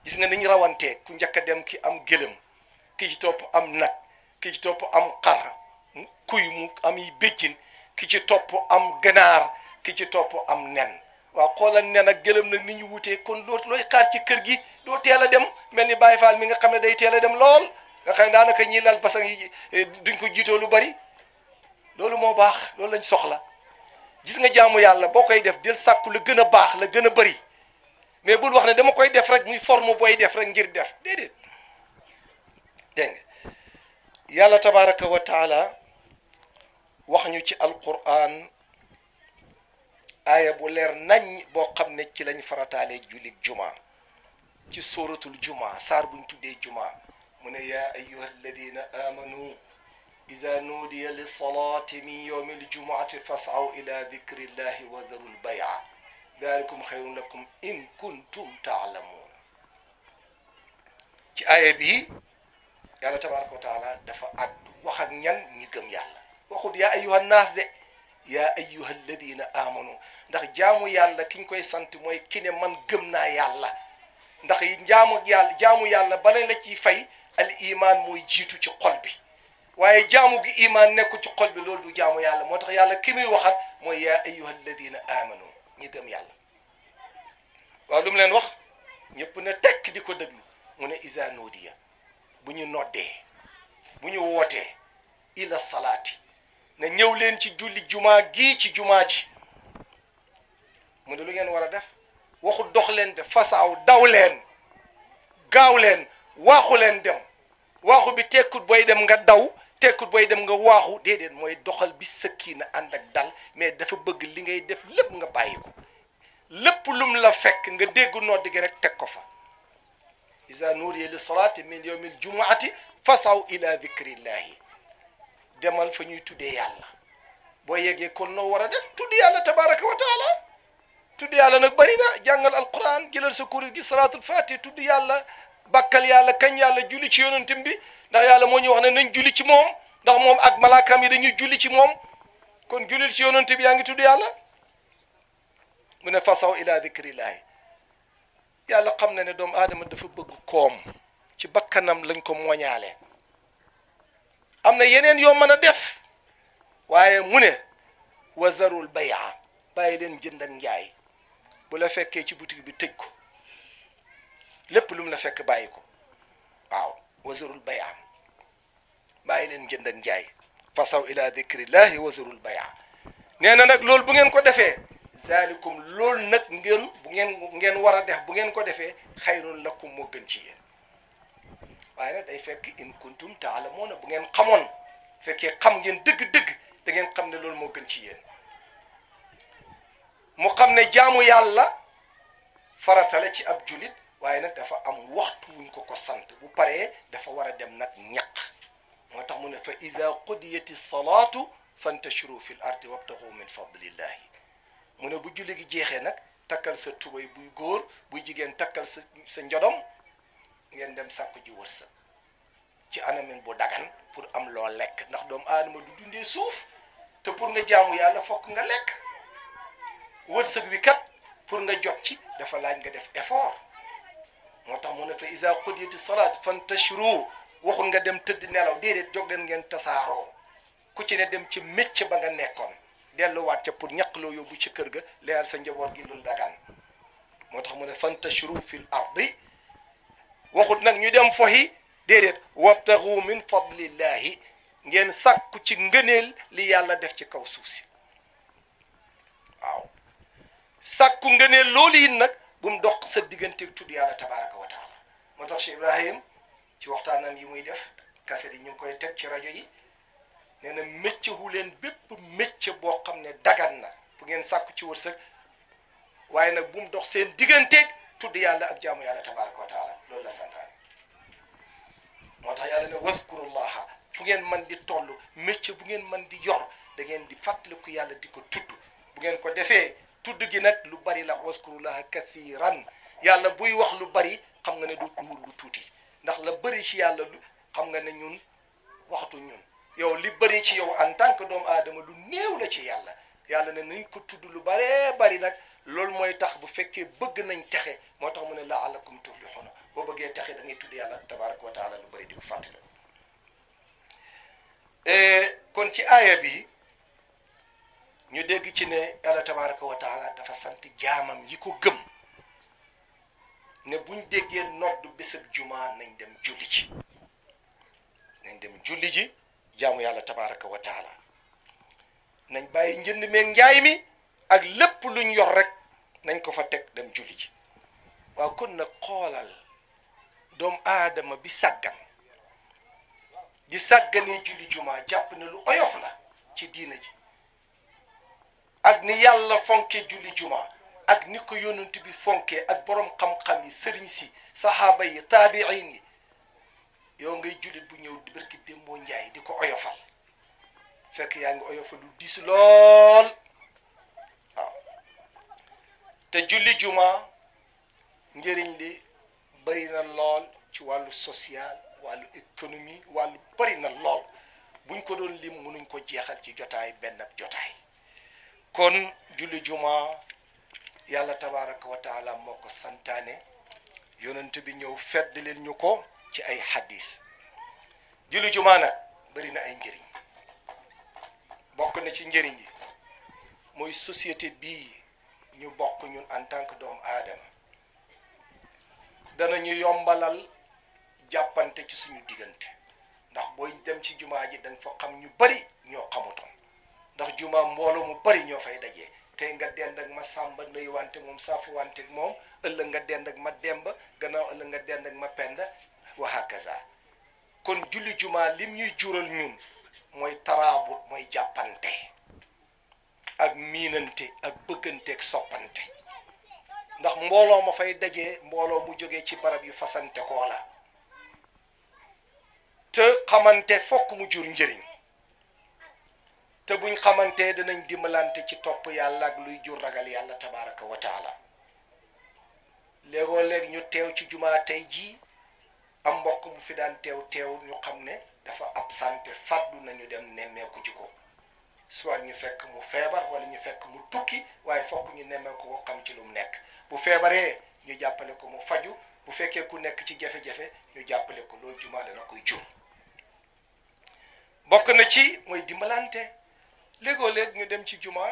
gis nga niñ rawantee ku njëkk a dem ki am gëlëm ki ci topp am nag ki ci topp am xar kuy mu am yi béjjin ki ci topp am ganaar ki ci topp am nen waaw xoolal nen ak gëlëm nag ni ñu wutee kon loo looy xaar ci kër gi doo teel a dem mel ni Baay Faal mi nga xam ne day teel a dem lool nga xam ne daanaka ñi lal basang yi eh, duñ ko jiitoo lu bari loolu moo baax loolu lañ soxla gis nga jàmm yàlla boo koy def del sàkku la gën a baax la gën a bari mais bul wax ne dama koy def rek muy forme booy def rek ngir def déedéet dégg yàlla tabaraka wa taala wax ñu ci alquran aaya bu leer nañ boo xam ne ci lañ farataalee jullit juma ci sóoratul juma saar buñ tuddee juma ne yaa ayuha alladina amanu ida nuudiya lilsalaati min yowmi aljumuati fascaw ila dicri llahi wa daru lbayca dalikum xeyrun lakum in kuntum taalamuuna ci aaya bii yàlla tabaraka wa taala dafa addu wax ak ñan ñi gëm yàlla waxut yaa ayuha nnaas de yaa ayuha alladina amanu ndax jaamu yàlla ki ñu koy sant mooy ki ne man gëm naa yàlla ndax jaamu yàlla jaamu yàlla bale la ciy fay al iman mooy jiitu ci kol bi waaye jaamu gi imaan nekkul ci xol bi loolu du jaamu yàlla moo tax yàlla ki muy waxat mooy yaa ayuha alladina amanu ñi gëm yàlla waaw lu leen wax ñépp na tekk di ko déglu mu ne isa noodiya bu ñu noddee bu ñu wootee ila salaati na ñëw leen ci julli jumaa gii ci jumaa ji mu ne lu ngeen war a def waxu dox leen de fasaaw daw leen gaaw leen waxu leen dem waxu bi tekkut boy dem nga daw tekkut boy dem nga waxu dedet moy doxal bi sëkkii and ak dal mais dafa bëgg li ngay def lepp nga bayiko lepp lum la fekk nga deggu nodd gi rek tek ko fa iza nuuriya li salaati min yawmi ljumuati fasaw ila dhikri dikrillahi demal fa ñuy tuddee yalla boo yeggee kon no wara def tudd yalla tabaraka wa taala tudd yalla nak bari na jàngal alquran jëlal sa kuréel gi salaatul fatih tudd yalla bakkal yàlla kañ yàlla juli ci yonentam bi ndax yàlla moo ñuy wax ne nañ julli ci moom ndax moom ak malaakam yi dañuy julli ci moom kon jullil ci yonent bi yaa ngi tudd yàlla mu ne fasaw ila dicrillahi yàlla xam na ne doom aadama dafa bëgg koom ci bakkanam lañ ko moñaale am na yeneen yoo mën a def waaye mu ne wazarul bayaa bàyyi leen jënd ak njaay bu la fekkee ci boutique bi tëj ko lépp lu mu la fekk bàyyi ko waaw wazarul baya bàyyi leen jënd ak njaay fasaw ila dikrillahi wazarul baya nee na nag loolu bu ngeen ko defee zalikum lool nag ngeen bu ngeen ngeen war a def bu ngeen ko defee xayrun lakum moo gën ci yéen day fekk in kuntum taalamuuna bu ngeen xamoon fekkee xam ngeen dëgg-dëgg da ngeen xam ne loolu moo gën ci yéen mu xam ne jaamu yàlla farata la ci ab julit waaye nag dafa am waxtu wuñ ko ko sant bu paree dafa war a dem nag ñaq moo tax mu ne fa ida qudiyati salaatu fantashiru fi l ardi wabtaxu min fadlillahi mu ne bu julli gi jeexee nag takkal sa tubay buy góor buy jigéen takkal sa sa njodom ngeen dem sàkku ji wërsëg ci anamin bu dagan pour am loo lekk ndax doomu aadama du dundee suuf te pour nga jaamu yàlla fokk nga lekk wërsëg wi kat pour nga jot ci dafa laaj nga def effort moo tax mu ne fa isa qudiyati salaat fantashiru waxul nga dem tëdd nelaw déedéet jóg ngeen tasaaroo ku ci ne dem ci métier ba nga nekkoon delluwaat ca pour ñaq loo yóbbu ci kër ga leeral sa njaboot gi lu dagan moo tax mu ne fantashiru fil ardi waxut nag ñu dem fo fohi déedéet wabtagu min fadlillahi ngeen sakku ci ngëneel li yàlla def ci kaw suuf si waaw sàkku ngëneel loolu yi nag bum dox sa digganteeg tudd yàlla tabaraka wa taala moo tax Cheikh Ibrahim ci waxtaanam yi muy def kaset yi ñu ngi koy teg ci rajo yi nee na mécc leen bépp mécc boo xam ne dagan na bu ngeen sàkk ci wërsëg waaye nag bum dox seen digganteeg tudd yàlla ak jaamu yàlla tabaraka wa taala loolu la santaane moo tax yàlla ne waskurullaha fu ngeen man di toll mécc bu ngeen man di yor da ngeen di fàttaliku yàlla di ko tudd bu ngeen ko defee tudd gi nag lu bari la waskurullaha kathiran yàlla buy wax lu bari xam nga ne du tuur lu tuuti ndax la bëri ci yàlla lu xam nga ne ñun waxtu ñun yow li bari ci yow en tant que doomu aadama lu néew la ci yàlla yàlla ne nañ ko tudd lu baree bari nag loolu mooy tax bu fekkee bëgg nañ texe moo tax mu ne la laalakum tuflixuna boo bëggee texe da ngay tudd yàlla tabaraka wa taala lu bëri di ko fàttali eh, kon ci aaya bi ñu dégg ci ne yàlla tabaraka wa dafa sant jaamam yi ko gëm ne buñ déggee noddu bésab juma nañ dem julli ji nañ dem julli ji jaamu yàlla tabaraka wa taala nañ bàyyi njënd meeg njaay mi ak lépp luñ yor rek nañ ko fa teg dem julli ji waaw kon nag xoolal doomu aadama bi sàggan di sàgganee julli juma jàpp na lu oyof la ci diina ji ak ni yàlla fonke julli juma ak ni ko yonent bi fonke ak boroom xam-xam yi sëriñ si saxaaba yi taabiin yi yow ngay jullit bu ñëw barki démboo njaay di ko oyofal fekk yaa ngi oyofal lu diis lool te julli juma njëriñ li bari na lool ci wàllu social wàllu économie wàllu bëri na lool buñ ko doon lim mënuñ ko jeexal ci jotaay benn ak jotaay kon julli jumaa yàlla tabaraka wa taala moo ko santaane yonent bi ñëw fedd leen ñu ko ci ay xadis julli juma nag bëri na ay njëriñ bokk na ci njëriñ yi mooy société bii ñu bokk ñun en tant que doomu aadama danañu yombalal jàppante ci suñu diggante ndax booy dem ci jumaa ji danga fa xam ñu bari ñoo xamutoon ndax jumaa mbooloo mu bari ñoo fay dajee tey nga dend ak ma sàmba nuy wante moom saafu wante moom ëllëg nga dend ak ma demb gannaaw ëllëg nga dend ak ma penda wa hakaza kon julli jumaa lim ñuy jural ñun mooy taraabut mooy jàppante ak miinante ak bëggante ak soppante ndax mbooloo ma fay dajee mbooloo mu jógee ci barab yu fasante koo la te xamante fokk mu jur njëriñ te buñ xamantee danañ dimbalante ci topp yàlla ak luy jur ragal yàlla tabaraka wa taala léegoo léeg ñu teew ci jumaa tey jii am mbokk bu fi daan teew teew ñu xam ne dafa absente fàddu nañu dem nemmeeku ci ko soit ñu fekk mu feebar wala ñu fekk mu tukki waaye fokk ñu nemmeeku ko xam ci lu mu nekk bu feebaree ñu jàppale ko mu faju bu fekkee ku nekk ci jafe-jafe ñu jàppale ko loolu jumaa dana koy jur bokk na ci mooy dimbalante léegoo léeg ñu dem ci juma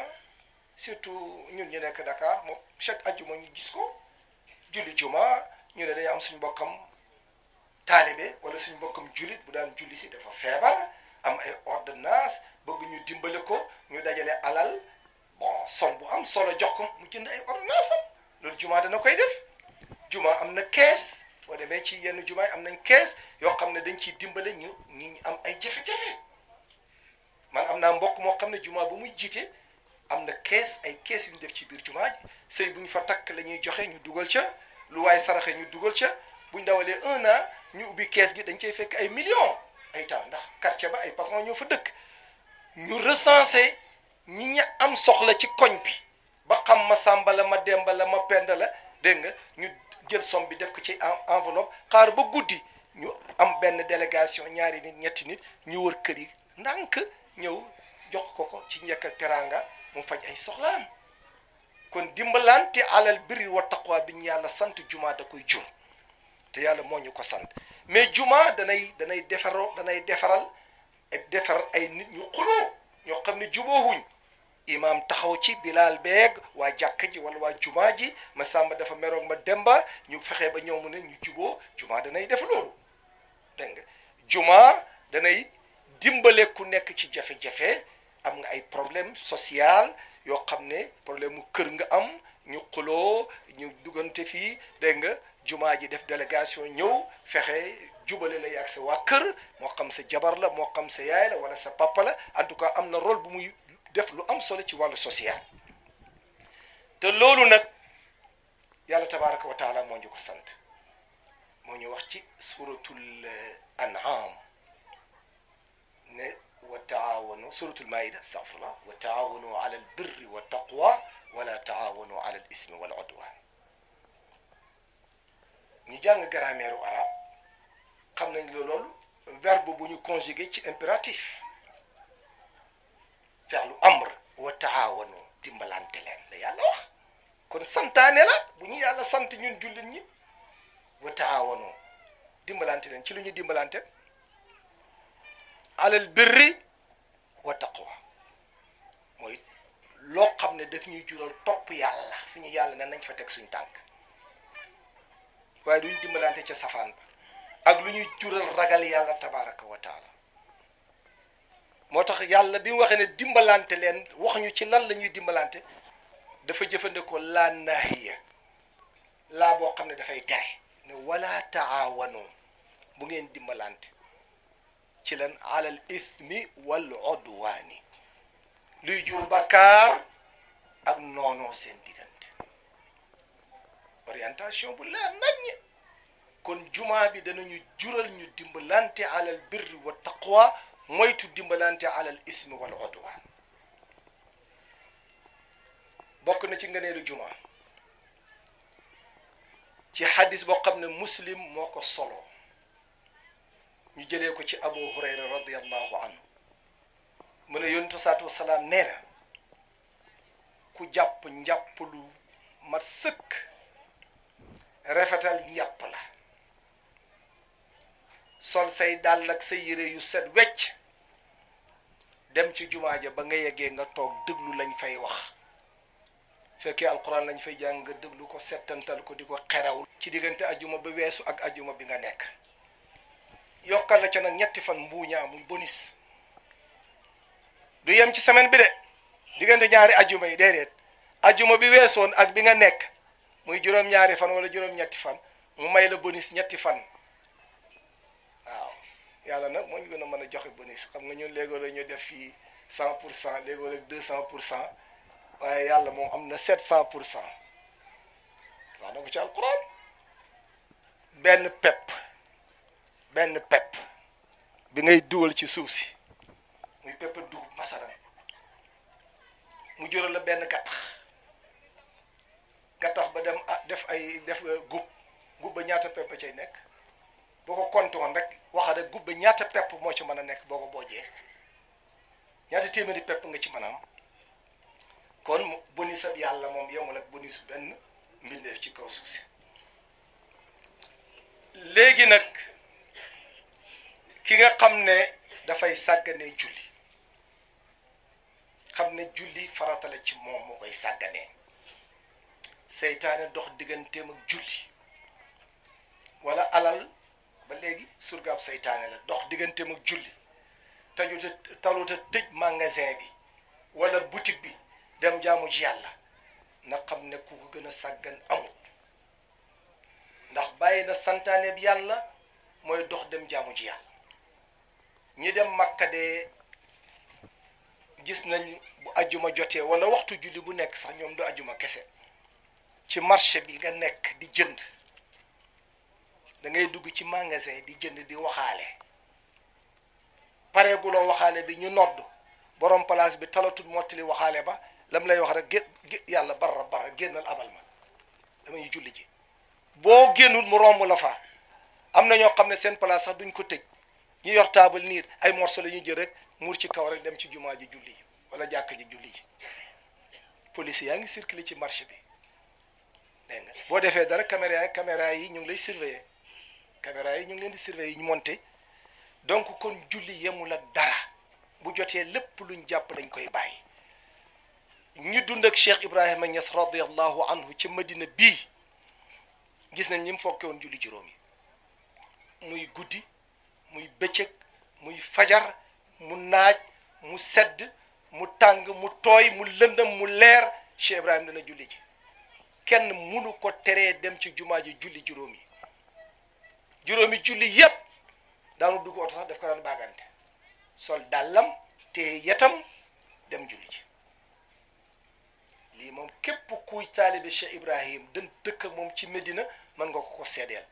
surtout ñun ñu nekk Dakar moom chaque ajjuma ñu gis ko julli juma ñu ne dañ am suñ mbokkam taalibe wala suñ mbokkam jullit bu daan julli si dafa feebar am ay ordonnance bëgg ñu dimbale ko ñu dajale alal bon som bu am solo jox ko mu jënd ay ordonnance am loolu juma dana koy def juma am na kees boo demee ci yenn juma am nañ kees yoo xam ne dañ ciy dimbale ñu ñu am ay jafe-jafe man am naa mbokk moo xam ne jumaa ba muy jiite am na kees ay kees yu ñu def ci biir jumaa ji sëy bu ñu fa takk la ñuy joxe ñu dugal ca lu waaye saraxe ñu dugal ca bu buñ dawalee un an ñu ubbi kees gi dañ cay fekk ay million ay temps ndax quartier ba ay patron ñoo fa dëkk ñu recensé ñi ña am soxla ci koñ bi ba xam ma sàmba ma dembala ma penda la dégg nga ñu jël somme bi def ko ci enveloppe xaar ba guddi ñu am benn délégation ñaari nit ñetti nit ñu wër kër yi ndànk ñëw jox ko ko ci njëkk teraanga mu faj ay soxlaam kon dimbalante alal birri wa taqwa bi ñu yàlla sant jumaa da koy jur te yàlla moo ñu ko sant mais juma danay danay defaroo danay defaral defar ay nit ñu xuloo ñoo xam ne jubóowuñ imaam taxaw ci bilaal beeg waa jàkka ji wala waa jumaa ji ma sàmba dafa meroog ma demba ñu fexe ba ñoom mu ne ñu juboo jumaa danay def loolu dégg nga juma danay dimbale ku nekk ci jafe-jafe am nga ay problème sociale yoo xam ne problème mu kër nga am ñu xuloo ñu duggante fii dégg nga jumaa ji def délégation ñëw fexe jubale lay yaag sa waa kër moo xam sa jabar la moo xam sa yaay la wala sa papa la tout cas am na rôle bu muy def lu am solo ci wàllu social te loolu nag yàlla tabaraka wa moo ñu sant moo ñu wax ci suratul an'am وتعاونوا سورة المائدة استغفر الله وتعاونوا على البر والتقوى ولا تعاونوا على الإثم والعدوان ñi jàng grammaire u arab xam nañ la loolu verbe bu ñu conjugué ci impératif fi'lu amr wa taawanu dimbalante leen la yàlla wax kon santaane la bu ñu yàlla sant ñun jullit ñi wa taawanu dimbalante leen ci lu ñu dimbalante alal birri wa taqwa mooy loo xam ne daf ñuy jural topp yàlla fi ñu yàlla ne nañ fa teg suñ tànk waaye duñ dimbalante ca safaan ba ak lu ñuy jural ragal yàlla tabaraka wa moo tax yàlla bi mu waxee ne dimbalante leen wax ñu ci lan la ñuy dimbalante dafa jëfandikoo laa naahiya laa boo xam ne dafay tere ne wala taawano bu ngeen dimbalante ci lan alal ithmi wal odwaani luy jur bakkaar ak noonoo seen diggante orientation bu leer naññ kon jumaa bi danañu jural ñu dimbalante alal birri wa taqwa moytu dimbalante alal ismi wal odwaan bokk na ci ngëneelu jumaa ci xadis boo xam ne muslim moo ko solo ñu jëlee ko ci abu hurayra radiallahu anhu mu ne yonentu salaatu wasalaam nee na ku jàpp njàpp lu mat sëkk rafetal njàpp la sol say dàll ak sa yére yu set wecc dem ci jumaa ja ba nga yeggee nga toog déglu lañ fay wax fekkee alquran lañ fay jàng nga ko setantal ko di ko xeraw ci diggante ajuma ba weesu ak ajuma bi nga nekk yokkal na ca nag ñetti fan mbuuñaa muy bonus du yem ci semaine bi de diggante ñaari ajuma yi déedéet ajuma bi weesoon ak bi nga nekk muy juróom-ñaari fan wala juróom-ñetti fan mu may la bonus ñetti fan waaw yàlla nag moo ñu gën a mën a joxe bonus xam nga ñun léegoo ñu def fii cent pour cent léegoo la cent pour cent waaye yàlla moom am na sept cent pour cent wax na ko ci alquran benn pepp benn pepp bi ngay duwal ci suuf si muy pepp dugub masalan mu jural la benn gattax gattax ba dem ah, def ay def euh, gub gub ba ñaata pepp cay nekk boo ko kontoon rek waxa rek gub ba ñaata pepp moo ci mën a nekk boo ko boojee ñaata téeméeri pepp nga ci mën am kon sab yàlla moom yemul ak bonisu benn mbindeef ci kaw suuf si léegi nag ki nga xam ne dafay sàgganee julli xam ne julli farata la ci moom moo koy sàgganee seytaane dox digganteem ak julli wala alal ba léegi surgaab seytaane la dox digganteem ak julli tajuta taluta tëj magasin bi wala boutique bi dem jaamu ci yàlla na xam ne ku ko gën a sàggan amut ndax bàyyi na santaane bi yàlla mooy dox dem jaamu ci yàlla ñi dem Makka gis nañ bu ajuma jotee wala waxtu julli bu nekk sax ñoom du ajuma kese ci marché bi nga nekk di jënd dangay dugg ci magasin di jënd di waxaale pare guloo waxaale bi ñu nodd boroom place bi talatul mottali waxaale ba lam lay wax rek gé yàlla bara barra génnal abal ma damay julli ji boo génnul mu romb la fa am na ñoo xam ne seen place sax duñ ko tëj ñu yor taabal niit ay morceau la ñuy jël rek muur ci kaw rek dem ci jumaa ji julli yi wala jàkk ji julli yi police yaa ngi circulé ci marché bi dégg nga boo defee dara caméra caméra yi ñu ngi lay surveiller caméra yi ñu ngi leen di surveiller ñu monté donc kon julli yemul ak dara bu jotee lépp luñ jàpp dañ koy bàyyi ñu dund ak Cheikh Ibrahima Niass radiallahu anhu ci Madina bii gis nañ ñi mu fokke woon julli juróom yi muy guddi muy bëccëg muy fajar mu naaj mu sedd mu tàng mu tooy mu lëndëm mu leer Cheikh Ibrahim dana julli ji kenn mënu ko teree dem ci jumaa ji julli juróomi juróomi julli yépp daanu dugg oto sax daf ko daan baagante sol dàllam te yetam dem julli ji lii moom képp kuy taalibe Cheikh Ibrahim dan dëkk moom ci Medina mën nga ko ko seedeel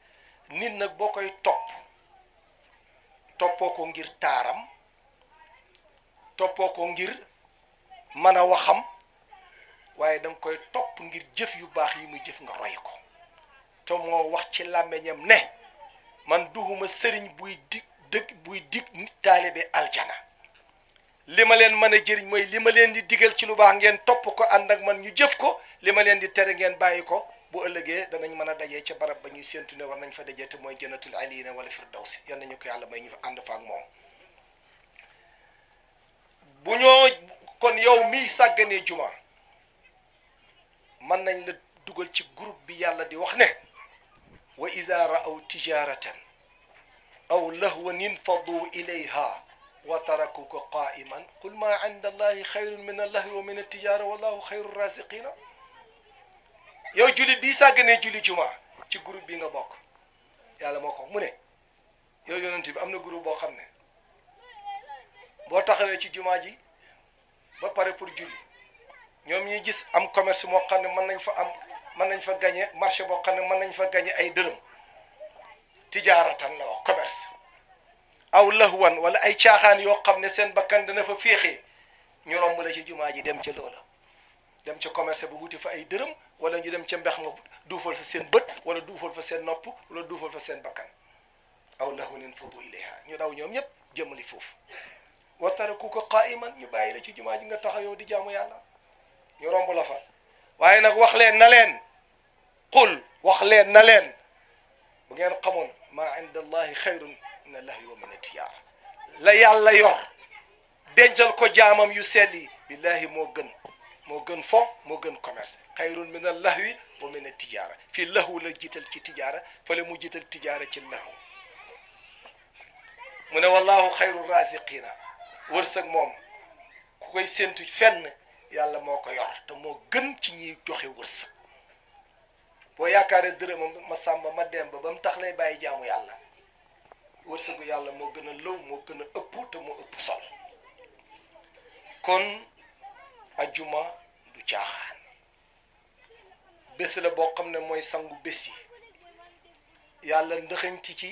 nit nag boo koy topp toppoo ko ngir taaram toppoo ko ngir mën a waxam waaye danga koy topp ngir jëf yu baax yi mu jëf nga roy ko te moo wax ci làmmiñam ne man duhuma sëriñ buy dig dëkk buy dig nit taalibe aljana li ma leen mën a jëriñ mooy li ma leen di digal ci lu baax ngeen topp ko ànd ak man ñu jëf ko li ma leen di tere ngeen bàyyi ko bu ëllëgee danañ mën a daje ca barab ba ñuy séntu ne war nañ fa daje te mooy jannatul aliina wala firdaws yal nañu ko yàlla may ñu ànd fa ak moom bu ñoo kon yow miy sàgganee juma man nañ la dugal ci groupe bi yàlla di wax ne wa iza ra'aw tijaratan aw lahwan infadu ilayha wa tarakuka qa'iman qul ma inda allahi xayrun min allahi wa min altijara wallahu xayru rasiqina yow jullit bii sàgganee julli jumaa ci groupe bi nga bokk yàlla moo ko mu ne yow yonent bi am na groupe boo xam ne boo taxawee ci jumaa ji ba pare pour julli ñoom ñuy gis am commerce moo xam ne mën nañ fa am mën nañ fa gagné marché boo xam ne mën nañ fa gagné ay dërëm tijaaratan la wax commerce aw lahwan wala ay caaxaan yoo xam ne seen bakkan dana fa féexee ñu romb la ci jumaa ji dem ca loola dem ci commerce bu wuti fa ay deureum wala ñu dem ci mbex ma duufal fa seen bët wala duufal fa seen nopp wala duufal fa seen bakkan aw lahu nin fudu ilayha ñu daw ñom ñep jëmali fuf wa taraku tarakuka qaiman ñu bàyyi la ci jumaa ji nga taxayoo di jaamu yàlla ñu romb la fa waye nak wax leen na leen qul wax leen na leen bu ngeen xamoon ma inda allahi khairun min allahi wa min tiyaara la yàlla yor dencal ko jaamam yu seddi billahi mo gën موجن فون موجن كوميرس خير من اللهو ومن التجاره في اللهو لجيت التجاره فلم جيت تجاره في اللهو من والله خير الرازقين ورسك موم كوي سنتو فن يالا موكو يور تا مو گن سي ني جوخي ورس بو ياكار درم ما سامبا بام تخلي باي جامو يالا ورسكو يالا مو گن لو مو گن اپو مو اپو سول ajjuma du caaxaan bés la boo xam ne mooy sangu bés yi yàlla ndëxëñt ci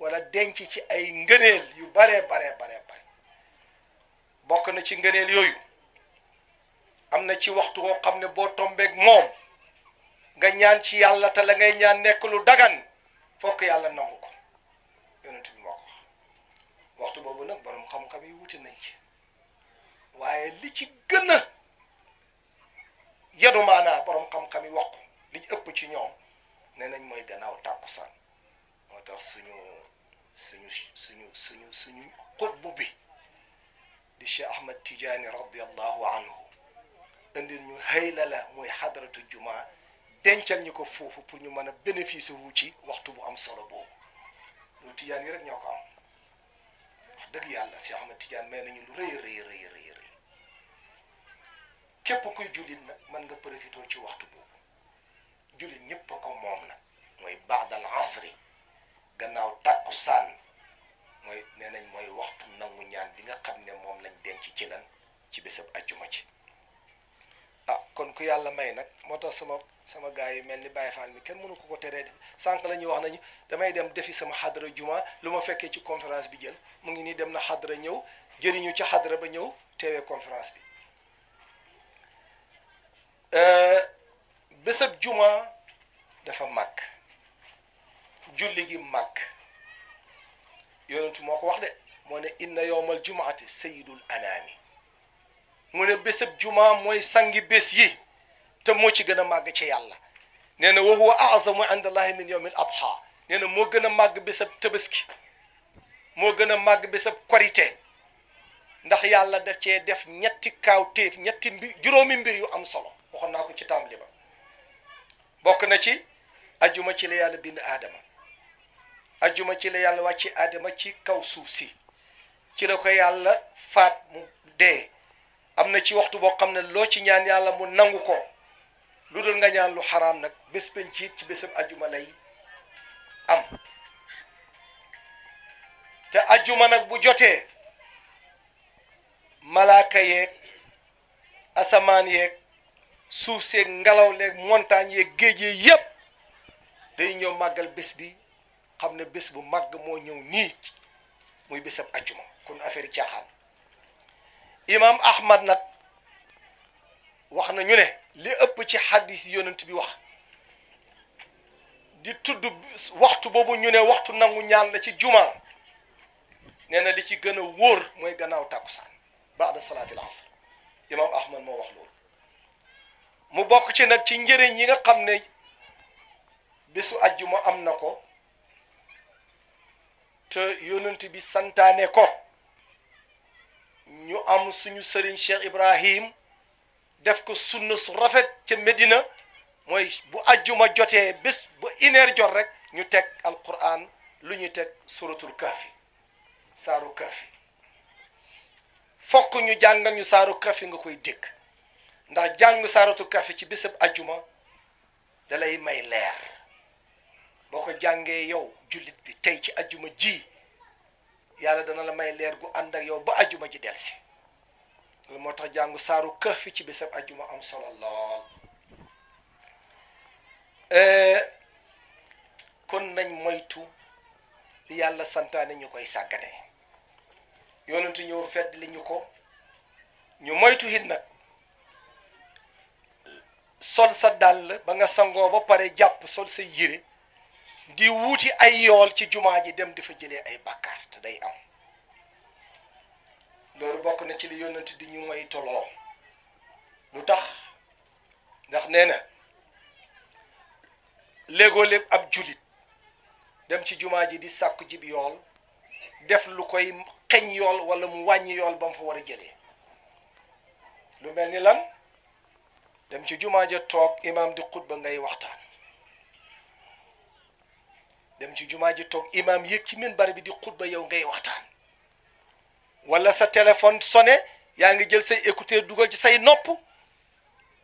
wala denc ci ay ngëneel yu baree bare baree bare bokk na ci ngëneel yooyu am na ci waxtu woo xam ne boo tombeeg moom nga ñaan ci yàlla te la ngay ñaan nekk lu dagan fokk yàlla nangu ko yonent bi moo ko wax waxtu boobu nag borom xam-xam yi wuti nañ ci waaye li ci gën a yenu maanaa borom xam-xam yi wax ko li ci ëpp ci ñoom nee nañ mooy gannaaw tàkkusaan moo tax suñu suñu suñu suñu suñu xutb bi di Cheikh Ahmed Tidiane radiallahu anhu indil ñu hayla la muy xadaratu jumaa dencal ñu ko foofu pour ñu mën a bénéficier wu ci waxtu bu am solo boobu loolu Tidiane yi rek ñoo ko am wax dëgg yàlla Cheikh Ahmed Tidiane may nañu lu rëy rëy rëy rëy cépp kuy jullit na mën nga profité ci waxtu boobu jullit ñëpp a ko moom nag mooy baax baadal asri gannaaw tàkku sànn mooy nee nañ mooy waxtu nangu ñaan bi nga xam ne moom lañ denc ci lan ci bésab ajjuma ci ah kon ku yàlla may nag moo tax sama sama gaa yi mel ni Baye Fall mi kenn mënu ko ko teree def sànq la ñuy wax nañu damay dem defi sama xadra juma lu ma fekkee ci conférence bi jël mu ngi nii dem na xadra ñëw jëriñu ci xadra ba ñëw teewee conférence bi Euh, bésab juma dafa màgg julli gi màgg yonentu moo ko wax de moo ne inna yowmal jumaati sayidul anaami mu ne bésab juma mooy sangi bés yi ta moo ci gën a màgg ci yàlla nee na wa huwa azamu indallahi min yowmil adha nee na moo gën a màgg bésab tëbaski moo gën a màgg bésab korite ndax yàlla da cee def ñetti kaawteef ñetti juróomi mbir yu am solo waxoon naa ko ci tàmbali ba bokk na ci ajuma ci la yàlla bind aadama ajuma ci la yàlla wàcc aadama ci kaw suuf si ci la ko yàlla faat mu dee am na ci waxtu boo xam ne loo ci ñaan yàlla mu nangu ko lu dul nga ñaan lu xaraam nag bés bañ ci ci bésam ajjuma lay am te ajuma nag bu jotee malaaka yeeg asamaan yeeg suuf seeg ngelaw leeg montagne yeeg géej yee yëpp day ñëw màggal bés bi xam ne bés bu màgg moo ñëw nii muy bésab ajjuma kon affaire caaxaan imaam ahmad nag wax na ñu ne li ëpp ci xadis yi yonent bi wax di tudd waxtu boobu ñu ne waxtu nangu ñaan la ci juma nee na li ci gën a wóor mooy gannaaw tàkkusaan baada salaatil asr imaam ahmad moo wax loolu mu bokk ci nag ci njëriñ ñi nga xam ne bésu ajjuma am na ko te yonent bi santaane ko ñu am suñu sëriñ Cheikh Ibrahim def ko sunna su rafet ca Medina mooy bu ajjuma jotee bés ba ineer jot rek ñu teg Alquran lu ñu teg suratul kafi saaru kafi fokk ñu jàngal ñu saaru kafi nga koy dégg ndax jàng saaratu kafe ci bésab ajuma dalay may leer boo ko jàngee yow jullit bi tey ci ajuma ji yàlla dana la may leer gu ànd ak yow ba ajjuma ji delsi loolu moo tax jàng saaru kër kafe ci bésab ajuma am solo lool eh, kon nañ moytu yàlla santaane ñu koy sàggane yonentu ñëw fedd li ñu ko ñu moytu hit nag sol sa dàll ba nga sangoo ba pare jàpp sol sa yére di wuuti ay yool ci jumaa ji dem di fa jëlee ay bàkkaar te day am loolu bokk na ci li yónnante di ñu moy toloo lu tax ndax nee na léegoo léeg ab julit dem ci jumaa ji di sàkku jib yool def lu koy xeñ yool wala mu wàññi yool ba mu fa war a jële lu mel ni lan dem ci jumaa ja toog imaam di xutba ngay waxtaan dem ci jumaa ji toog imaam yéeg ci minbar bi di xutba yow ngay waxtaan wala sa téléphone sone yaa ngi jël say écouter dugal ci say nopp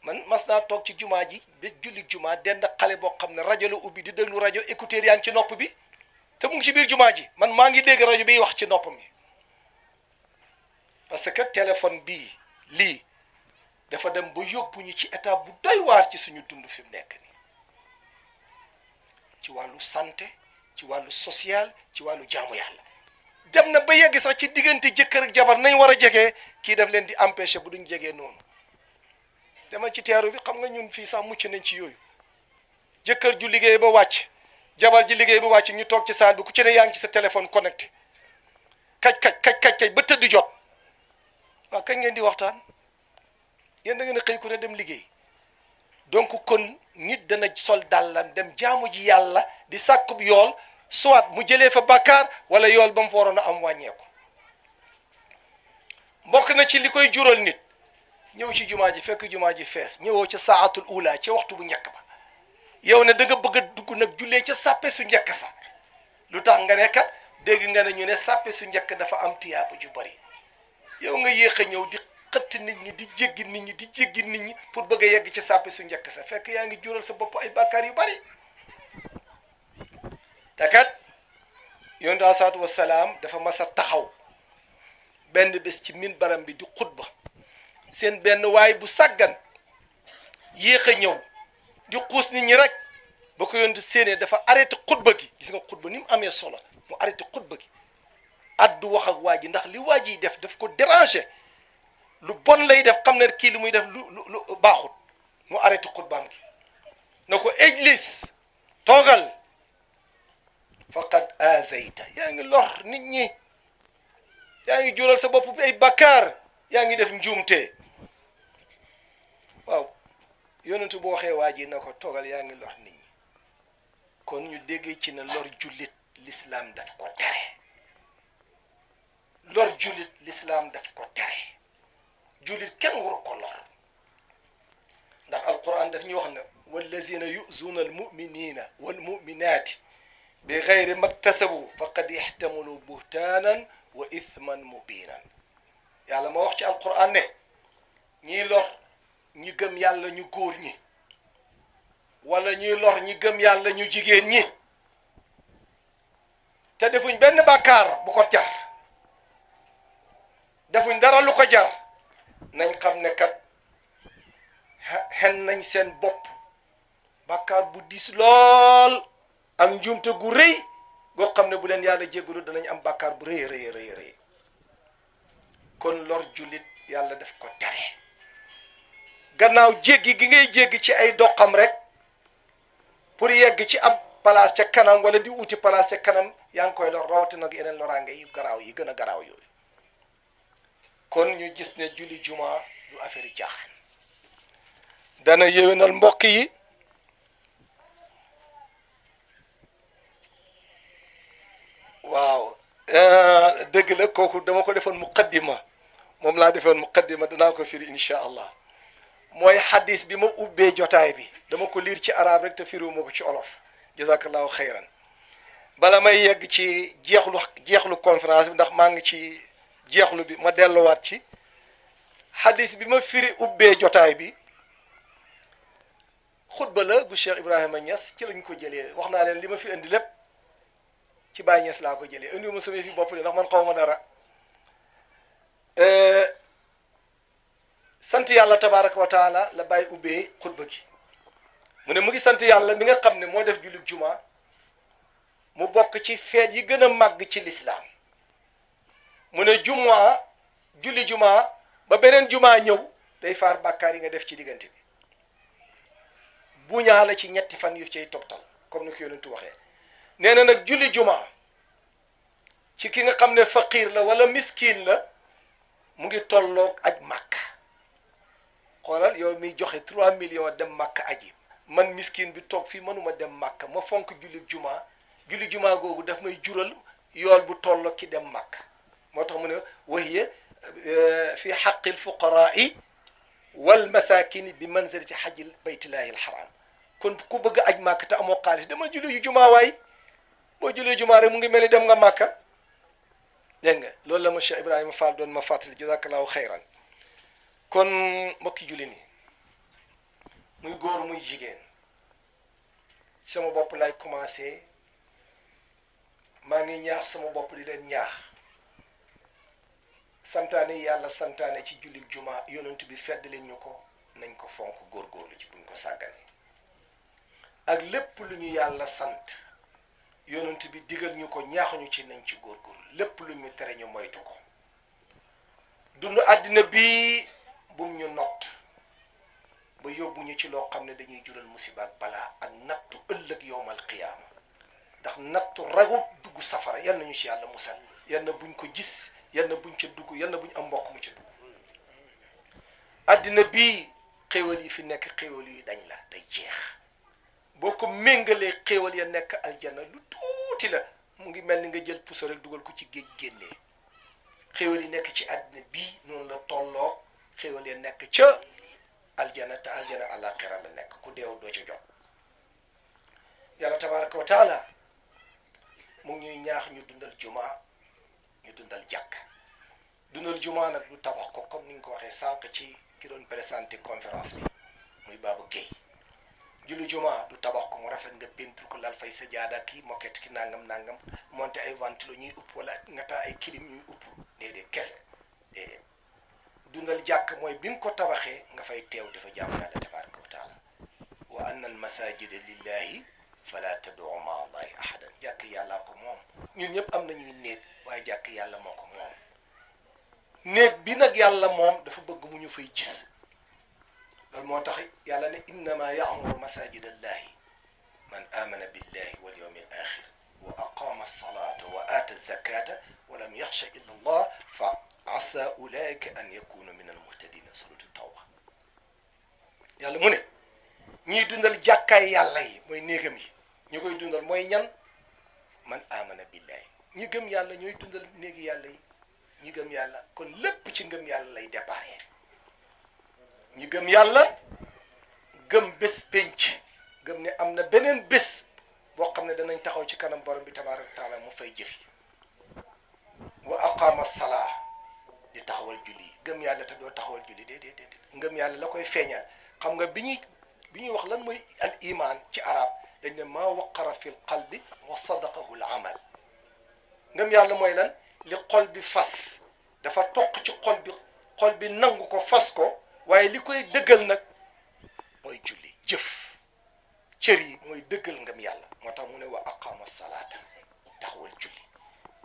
man mas naa toog ci jumaa ji ba julli jumaa dend xale boo xam ne rajo la ubbi di déglu rajo écouteur yaa ngi ci nopp bi te mu ngi ci biir jumaa ji man maa ngi dégg rajo biy wax ci nopp mi parce que téléphone bii lii dafa dem ba yóbbu ñu ci étape bu doy waar ci suñu dund fi mu nekk nii ci wàllu santé ci wàllu social ci wàllu jaamu yàlla dem na ba yegg sax ci diggante jëkkër ak jabar nañ war a jege kii daf leen di empêcher bu duñ jegee noonu demal ci teeru bi xam nga ñun fii sax mucc nañ ci yooyu jëkkër ju liggéey ba wàcc jabar ji liggéey ba wàcc ñu toog ci saal bi ku ci ne yaa ci sa téléphone connecté kaj kaj kaj kaj kaj ba tëdd jot waaw kañ ngeen di waxtaan yéen da ngeen a xëy ku ne dem liggéey donc kon nit dana sol dàllam dem jaamu ji yàlla di sàkkub yool soit mu jëlee fa bàkkaar wala yool ba mu fa waroon a am wàññeeku mbokk na ci li koy jural nit ñëw ci jumaa ji fekk jumaa ji fees ñëwoo ca saatul ula ca waxtu bu njëkk ba yow ne danga bëgg a dugg nag jullee ca sàppe su njëkk sa lu tax nga ne kat dégg nga ne ñu ne sàppe su njëkk dafa am tiyaaba ju bari yow nga yéex a ñëw di xëtt nit ñi di jéggi nit ñi di jéggi nit ñi pour bëgg a yegg ci sàppi su njëkk sa fekk yaa ngi jural sa bopp ay bàkkaar yu bari te kat yonent bi salaatu dafa mas taxaw benn bés ci min baram bi di xutba seen benn waay bu saggan yéex a ñëw di xuus nit ñi rek ba ko yonent séenee dafa arrêté xutba gi gis nga xutba ni mu amee solo mu arrêté xutba gi addu wax ak waa ndax li waa def daf ko déranger lu bon lay def xam ne kii lu muy def lu lu baaxut mu arrêté xutbaam gi na ko ijlis toogal faqad azayta yaa ngi lor nit ñi yaa ngi jural sa bopp ay bakkaar yaa ngi def njuumte waaw yonentu boo waxee waa ji na ko toogal yaa ngi lor ni ñi kon ñu déggee ci na lor julit l'islam daf ko tere lor jullit l'islam daf ko tere جولي كان ورق الله ده نعم، القران ده فيني وخنا والذين يؤذون المؤمنين والمؤمنات بغير ما اكتسبوا فقد احتملوا بهتانا واثما مبينا يعني ما وخش القران ني ني لور ني گم يالا ني غور ني ولا ني لور ني گم يالا ني جيجين ني تا دفوñ بن بكار بوكو تيار دفوñ دارا لوكو جار nañ xam ne kat xen nañ seen bopp bàkkaar bu dis lool ak njuumte gu rëy goo xam ne bu leen yàlla jéggalu danañ am bàkkaar bu rëy rëy rëy rëy kon lor julit yàlla daf ko tere gannaaw jéggi gi ngay jéggi ci ay doxam rek pour yegg ci am place ca kanam wala di uti place ca kanam yaa ngi koy lor rawatina ak yeneen loraange yu garaaw yi gën a garaaw kon ñu gis ne julli juma du affaire caaxaan dana yéwénal mbokk yi waaw dëgg la kooku dama ko defoon muqaddima moom laa defoon muqaddima danaa ko firi insha allah mooy xadis bi ma ubbee jotaay bi dama ko liir ci arab rek te firiwuma ko ci olof jazakallahu xayran bala may yegg ci jeexlu jeexlu conférence bi ndax maa ngi ci jeexlu bi ma delu wat ci hadith bi ma firi ubbe jotay bi khutba la gu Cheikh Ibrahima Niass ci lañ ko jele waxna len lima fi andi lépp ci Baye Niass la ko jele andi indiwuma sama fi bop de ndax man xawma dara euh sante yàlla tabaaraka wa taala la Baye ubbe khutba gi mune mu ngi sante yàlla mi nga xamne mo def jullit juma mu bok ci feet yi gëna mag ci l'islam mu ne jumaa julli jumaa ba beneen jumaa ñëw day faar bàkkaar yi nga def ci diggante bi bu ñaa la ci ñetti fan yu cay toptal comme ni ko yonentu waxee nee na nag julli jumaa ci ki nga xam ne faqiir la wala miskin la mu ngi tollook ak màkk xoolal yow mi joxe trois millions dem màkk aji man miskin bi toog fii mënuma dem màkk ma fonk julli jumaa julli jumaa googu daf may jural yool bu tolloog ki dem màkk وهي آه، في حق الفقراء والمساكين بمنزلة حج البيت الله الحرام كون كو بغا اج ماك تا امو خالص دما جولي جمعه واي بو جولي جمعه رك مونغي ملي دم ماكا دنگ لول لا مشي ابراهيم فال دون ما فاتل جزاك الله خيرا كون موكي جولي ني موي غور موي جيجين سما بوب لاي كومانسي ماغي نياخ سما بوب دي لين نياخ santaane yàlla santaane ci jullit juma yonent bi fedd leen ñu ko nañ ko fonk góor góorgóorlu ci buñ ko sàgganee ak lépp lu ñu yàlla sant yonent bi digal ñu ko ñaaxuñu ci nañ ci góorgóorlu lépp lu ñu tere ñu moytu ko dund àddina bi bum ñu nott ba yóbbuñu ci loo xam ne dañuy jural musiba ak balaa ak nattu ëllëg yowmal qiyaama ndax nattu ragu dugg safara yan nañu ci yàlla musal yal na buñ ko gis yal na buñ ca dugg yal na buñ am mbokk mu ca dugg addina bii xéewal yi fi nekk xéewal yi dañ la day jeex boo ko méngalee xéewal ya nekk aljana lu tuuti la mu ngi mel ni nga jël puso rek dugal ko ci géej génnee xéewal yi nekk ci àddina bii noonu la tolloo xéewal ya nekk ca aljana te aljana la nekk ku deew doo ca jot yàlla tabaaraka wa mu ngi ñuy ñaax ñu dundal jumaa ñu dundal jàkk dundal jumaa nag du tabax ko comme ni nga ko waxee sànq ci ki doon présenté conférence bi muy Baaba Guèye julli jumaa du tabax ko mu rafet nga peinture ko lal fay sa jaada ki moket ki nangam nangam monté ay ventilo ñuy upp wala nga taa ay kilim ñuy upp déedéet kese dundal jàkk mooy bi nga ko tabaxee nga fay teew dafa jàmm yàlla tabaraka wa taala wa anna al lillahi فلا تدعوا مع الله احدا جاك يالا كوموم نين ييب امنا ني نيك واي جاك يالا موكو موم نيك بي نك يالا موم دا فا بوج مو ني فاي جيس لول موتاخ يالا ني انما يعمر مساجد الله من امن بالله واليوم الاخر واقام الصلاه واتى الزكاه ولم يخش الا الله فعسى اولئك ان يكونوا من المهتدين سوره التوبه يالا موني ني دوندال جاكاي يالا موي نيغامي ñu koy dundal mooy ñan man amana billahi ñi gëm yàlla ñooy dundal néegi yàlla yi ñi gëm yàlla kon lépp ci ngëm yàlla lay déparé ñi gëm yàlla gëm bés penc gëm ne am na beneen bés boo xam ne danañ taxaw ci kanam borom bi tabaraka taala mu fay jëf yi wa aqama salaa di taxawal julli gëm yàlla te doo taxawal julli déedéet déedéet ngëm yàlla la koy feeñal xam nga bi ñuy wax lan mooy al iman ci arab لأن ما وقر في القلب وصدقه العمل نم يا الله مايلان لقلب فس دفا توك تي قلب قلب نانغو كو فاسكو واي ليكوي دغال نك موي جولي جيف تيري موي دغال نغم يالا موتا مو نوا اقام الصلاه تخول جولي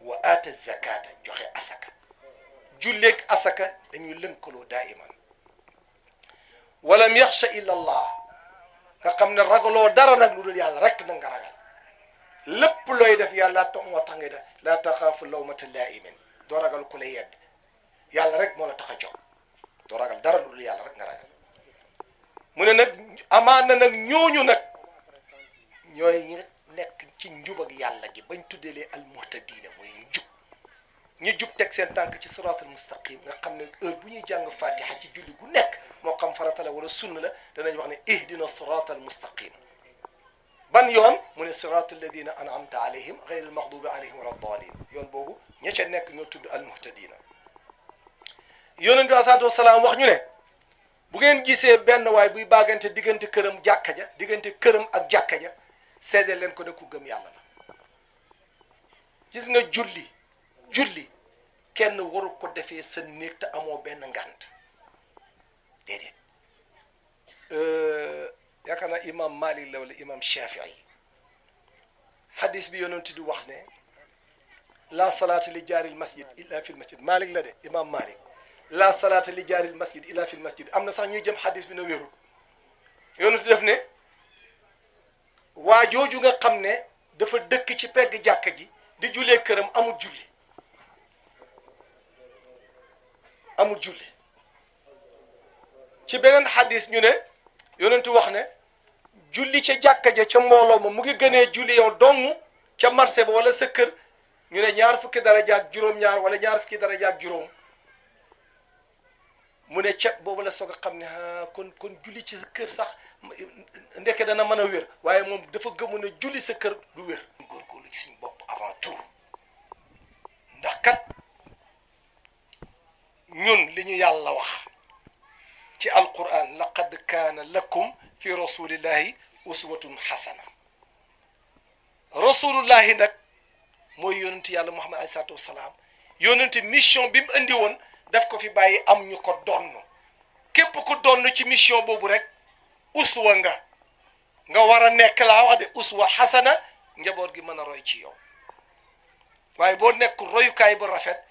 وات الزكاه جوخي اسكا جوليك اسكا دانيو لنكلو دائما ولم يخش الا الله nga xam ne ragaloo dara nag lu dul yàlla rek na nga ragal lépp looy def yàlla tax moo tax ngay def laa taxaafu lawmata laa'imin doo ragal ku lay yedd yàlla rek moo la tax a jóg doo ragal dara lu dul rek nga ragal mu ne nag amaan na nag ñooñu nag ñooy ñi ci njub ak yàlla gi bañ tuddeelee al muhtadina muy ñu jub teg seen tànk ci siraatal mustaqim nga xam ne heure bu ñuy jàng fatiha ci julli gu nekk moo xam farata la wala sunna la danañ wax ne ihdina siraatal mustaqim ban yoon mu ne siraatal ladina an'amta alayhim ghayril maghdubi alayhim wala daalin yoon boobu ña ca nekk ñoo tudd almuhtadina yonent bi salaatu wasalaam wax ñu ne bu ngeen gisee benn waay buy baagante diggante këram jàkka ja diggante këram ak jàkka ja seedeel leen ko ne ku gëm yàlla la gis nga julli julli kenn waru ko defee sa néeg te amoo benn ngànt déedéet yaakaar naa imam mali la wala imam Shafii xadis bi yonent di wax ne la salaata li jaaril masjid illa fil masjid Malik la de imam Malik la salaata li jaaril masjid illa fil masjid am na sax ñuy jëm xadis bi na wérul yonent def ne waa jooju nga xam ne dafa dëkk ci pegg jàkka ji di julee këram amul julli amul julli ci beneen xadis ñu ne yonentu wax ne julli ca jàkka ja ca mbooloo ma mu ngi gënee julli yow dong ca marché ba wala sa ñu ne ñaar fukki daraja ak juróom-ñaar wala ñaar fukki daraja ak juróom mu ne ca boobu la soog a xam ne ah kon kon julli ci sa kër sax ndeke dana mën a wér waaye moom dafa gëmu ne julli sa kër du wér. suñu bopp avant tout ndax kat. ñun li ñu yàlla wax ci alquran laqad kaana lakum fi rasulillahi uswatun xasana rasulullahi nag mooy yonent yàlla muhammad aleyhi salaatu wasalaam yonent mission bi mu indi woon daf ko fi bàyyi am ñu ko donn képp ku donn ci mission boobu rek uswa nga nga war a nekk laa wax de uswa xasana njaboot gi mën a roy ci yow waaye boo nekk royukaay bu rafet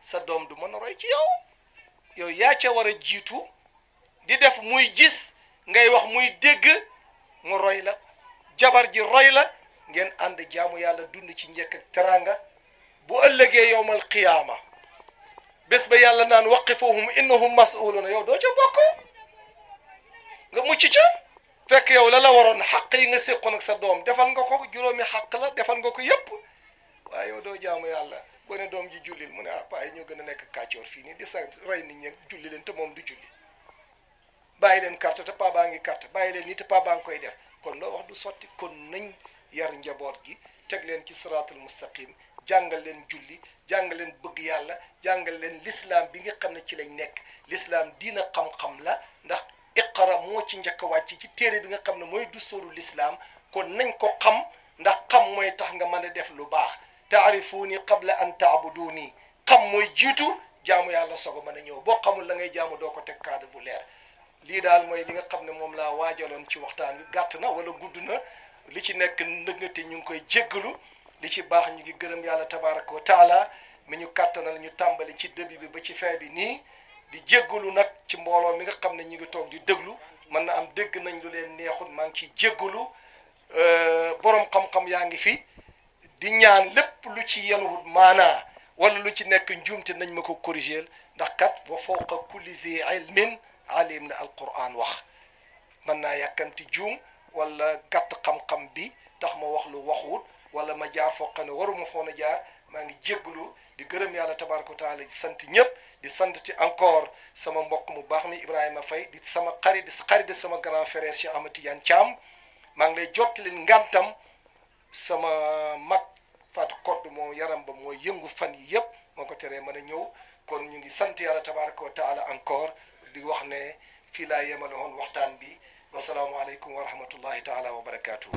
sa doom du mën a roy ci yow yow yaa ca war a jiitu di def muy jis ngay wax muy dégg mu roy la jabar ji roy la ngeen ànd jaamu yàlla dund ci njëkk ak teraanga bu ëllëgee yowmal qiyaama bés ba yàlla naan waqifuhum innahum mas'uluna yow doo ca bokk nga mucc ca fekk yow la la waroon xaq yi nga séqoon ak sa doom defal nga ko juróomi xaq la defal nga ko yépp waaye yow doo jaamu yàlla ba ne doom ji jullil mu a ah yi ñoo gën a nekk kàccoor fii ni di sant rey nit ñeeg julli leen te moom du julli bàyyi leen carte te paa baa ngi carte bàyyi leen ni te paa baa ngi koy def kon loo wax du sotti kon nañ yar njaboot gi teg leen ci siraatul mustaqim jàngal leen julli jàngal leen bëgg yàlla jàngal leen lislaam bi nga xam ne ci lañ nekk l'islam diina xam-xam la ndax iqara moo ci njëkk a wàcc ci téere bi nga xam ne mooy dusóoru l'islam kon nañ ko xam ndax xam mooy tax nga mën a def lu baax taarifuuni qabla an taabuduuni xam mooy jiitu jaamu yàlla sogo mën a ñëw boo xamul la ngay jaamu doo ko teg cadre bu leer lii daal mooy li nga xam ne moom laa waajaloon ci waxtaan wi gàtt na wala gudd na li ci nekk ndëngate ñu ngi koy jéggalu li ci baax ñu ngi gërëm yàlla tabaraka wa taala mi ñu kàttana kàttanal ñu tàmbali ci début bi ba ci fee bi nii di jéggalu nag ci mbooloo mi nga xam ne ñu ngi toog di déglu mën na am dégg nañu lu leen neexut maa ngi ciy jéggalu euh, borom xam yaa ngi fi di ñaan lépp lu ci yenuwut maanaa wala lu ci nekk njuumte nañ ma ko corrigeel ndax kat wa fawqa kulli zi ilmin alim na alquran wax mën naa yàkkamti juum wala gàtt xam-xam bi tax ma wax lu waxut wala ma jaar foqa ne waruma foon a jaa maa ngi jégglu di gërëm yàlla tabaraka wa taala di sant ñëpp di sant ci encore sama mbokk mu baax mi Ibrahima fay di sama xarit di sama grand frère Cheikh Ahmed Tidiane Thiam maa ngi lay jottali ngantam sama mag faatu kodd moom yaram ba mooy yëngu fan yi yëpp moo ko teree mën a ñëw kon ñu ngi sant yàlla tabaraka wa taala encore di wax ne fii laa yemale woon waxtaan bi wasalaamualeykum wa rahmatullahi taala wa barakaatu.